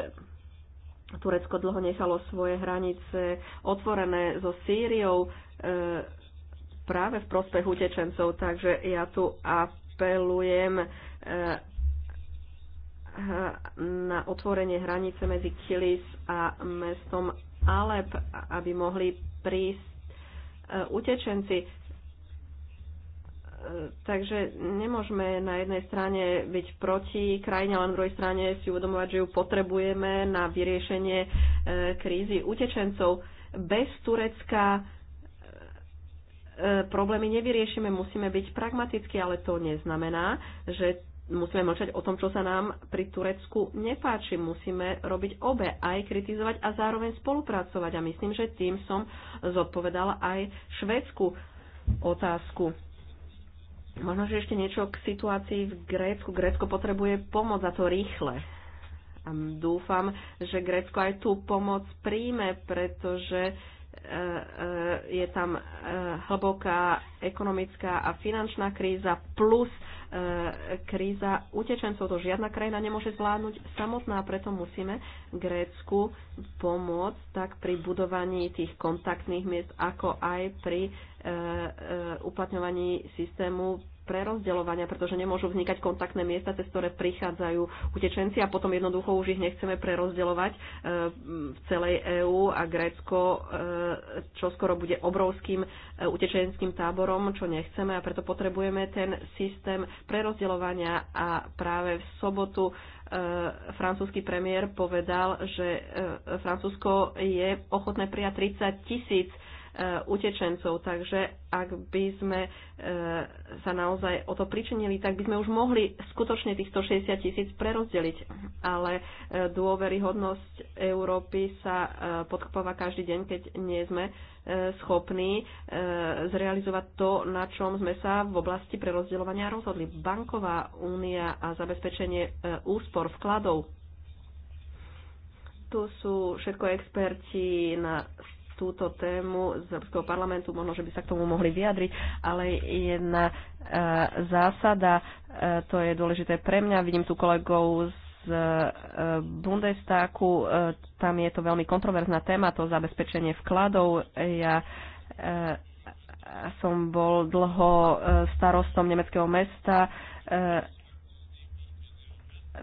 Turecko dlho nechalo svoje hranice otvorené so Sýriou e, práve v prospech utečencov, takže ja tu apelujem e, na otvorenie hranice medzi Kilis a mestom Alep, aby mohli prísť e, utečenci. E, takže nemôžeme na jednej strane byť proti krajine, ale na druhej strane si uvedomovať, že ju potrebujeme na vyriešenie e, krízy utečencov. Bez Turecka problémy nevyriešime, musíme byť pragmatickí, ale to neznamená, že musíme mlčať o tom, čo sa nám pri Turecku nepáči. Musíme robiť obe, aj kritizovať a zároveň spolupracovať. A myslím, že tým som zodpovedala aj švedskú otázku. Možno, že ešte niečo k situácii v Grécku. Grécko potrebuje pomoc a to rýchle. A dúfam, že Grécko aj tú pomoc príjme, pretože E, e, je tam e, hlboká ekonomická a finančná kríza plus kríza utečencov. To žiadna krajina nemôže zvládnuť samotná, preto musíme Grécku pomôcť tak pri budovaní tých kontaktných miest, ako aj pri uplatňovaní systému prerozdeľovania, pretože nemôžu vznikať kontaktné miesta, cez ktoré prichádzajú utečenci a potom jednoducho už ich nechceme prerozdeľovať eh, v celej EÚ a Grécko eh, čo skoro bude obrovským eh, utečenským táborom, čo nechceme a preto potrebujeme ten systém prerozdeľovania a práve v sobotu francúzsky premiér povedal, že Francúzsko je ochotné prijať 30 tisíc 000 Eh, utečencov. Takže ak by sme eh, sa naozaj o to pričinili, tak by sme už mohli skutočne týchto 60 tisíc prerozdeliť. Ale eh, dôveryhodnosť Európy sa podkopáva každý deň, keď nie sme schopní zrealizovať to, na čom sme sa v oblasti prerozdeľovania rozhodli. Banková únia a zabezpečenie úspor vkladov. Tu sú všetko experti na túto tému z Európskeho parlamentu, možno, že by sa k tomu mohli vyjadriť, ale jedna e, zásada, e, to je dôležité pre mňa, vidím tu kolegov z z e, Bundestagu. Tam je to veľmi kontroverzná téma, to zabezpečenie vkladov. Ja som bol dlho starostom nemeckého mesta,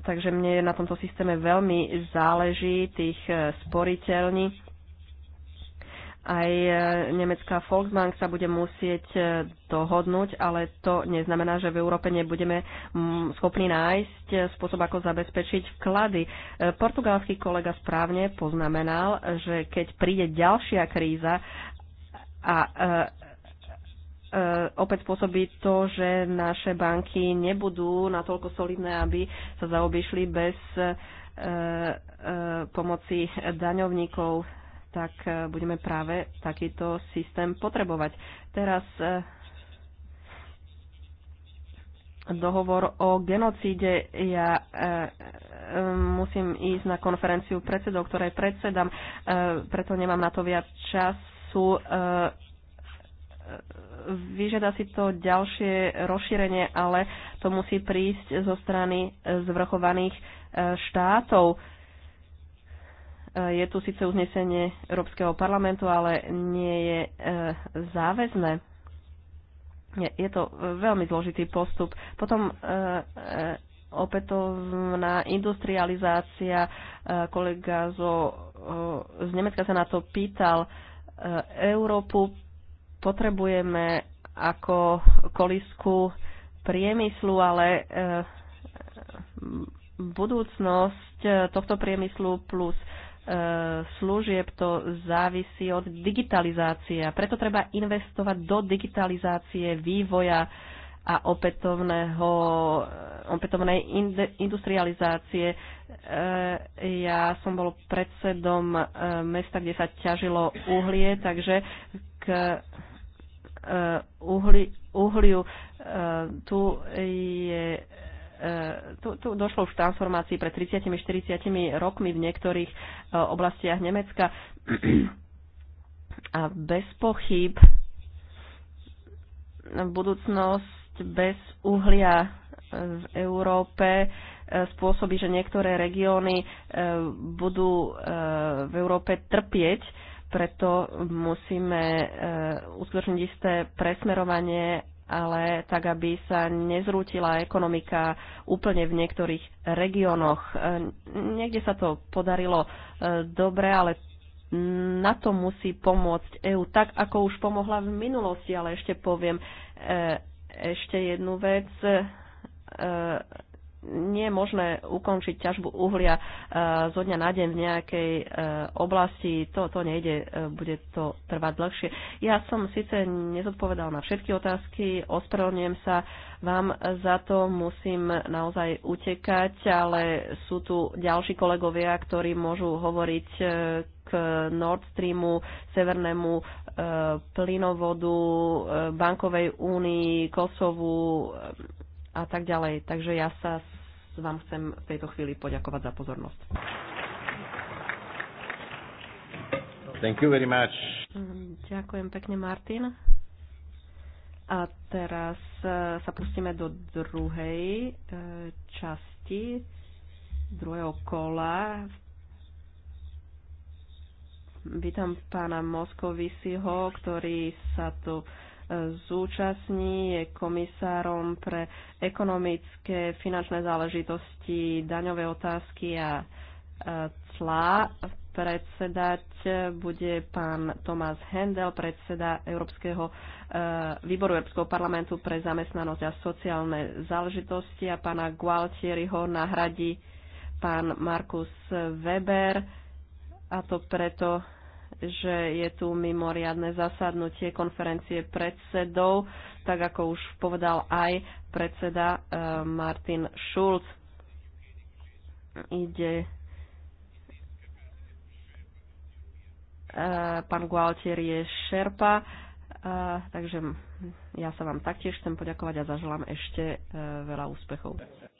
takže mne na tomto systéme veľmi záleží tých sporiteľní. Aj e, nemecká Volksbank sa bude musieť e, dohodnúť, ale to neznamená, že v Európe nebudeme schopní nájsť e, spôsob, ako zabezpečiť vklady. Portugalský kolega správne poznamenal, že keď príde ďalšia kríza a opäť spôsobí to, že naše banky nebudú natoľko solidné, aby sa zaobišli bez pomoci daňovníkov tak eh, budeme práve takýto systém potrebovať. Teraz eh, dohovor o genocíde. Ja eh, musím ísť na konferenciu predsedov, ktorej predsedám, preto nemám na to viac času. vyžiada si to ďalšie rozšírenie, ale to musí prísť zo strany zvrchovaných štátov je tu síce uznesenie Európskeho parlamentu, ale nie je e, záväzné. Je to veľmi zložitý postup. Potom e, e, opätovná industrializácia. Kolega zo, z Nemecka sa na to pýtal. Európu potrebujeme ako kolisku priemyslu, ale budúcnosť tohto priemyslu plus E, služieb to závisí od digitalizácie. A preto treba investovať do digitalizácie, vývoja a opätovného, opätovnej industrializácie. E, ja som bol predsedom e, mesta, kde sa ťažilo uhlie, takže k uhli, uhliu tu je E, tu, tu došlo už v transformácii pred 30-40 rokmi v niektorých e, oblastiach Nemecka a bez pochyb budúcnosť bez uhlia v Európe e, spôsobí, že niektoré regióny budú v Európe trpieť, preto musíme uskutočniť isté presmerovanie ale tak, aby sa nezrútila ekonomika úplne v niektorých regiónoch. E, niekde sa to podarilo e, dobre, ale na to musí pomôcť EÚ tak, ako už pomohla v minulosti, ale ešte poviem e, ešte jednu vec nie je možné ukončiť ťažbu uhlia e, zo dňa na deň v nejakej e, oblasti. To, to nejde, e, bude to trvať dlhšie. Ja som síce nezodpovedal na všetky otázky, ospravedlňujem sa vám za to, musím naozaj utekať, ale sú tu ďalší kolegovia, ktorí môžu hovoriť k Nord Streamu, severnému e, plynovodu, e, bankovej únii, Kosovu, a tak ďalej. Takže ja sa vám chcem v tejto chvíli poďakovať za pozornosť. Thank you very much. Ďakujem pekne, Martin. A teraz e, sa pustíme do druhej e, časti, druhého kola. Vítam pána Moskovisiho, ktorý sa tu zúčastní, je komisárom pre ekonomické, finančné záležitosti, daňové otázky a e, clá. Predsedať bude pán Tomás Hendel, predseda Európskeho e, výboru Európskeho parlamentu pre zamestnanosť a sociálne záležitosti a pána Gualtieriho nahradí pán Markus Weber a to preto, že je tu mimoriadne zasadnutie konferencie predsedov, tak ako už povedal aj predseda eh, Martin Schulz. Ide eh, pán Gualtier je šerpa, eh, takže ja sa vám taktiež chcem poďakovať a zaželám ešte veľa úspechov.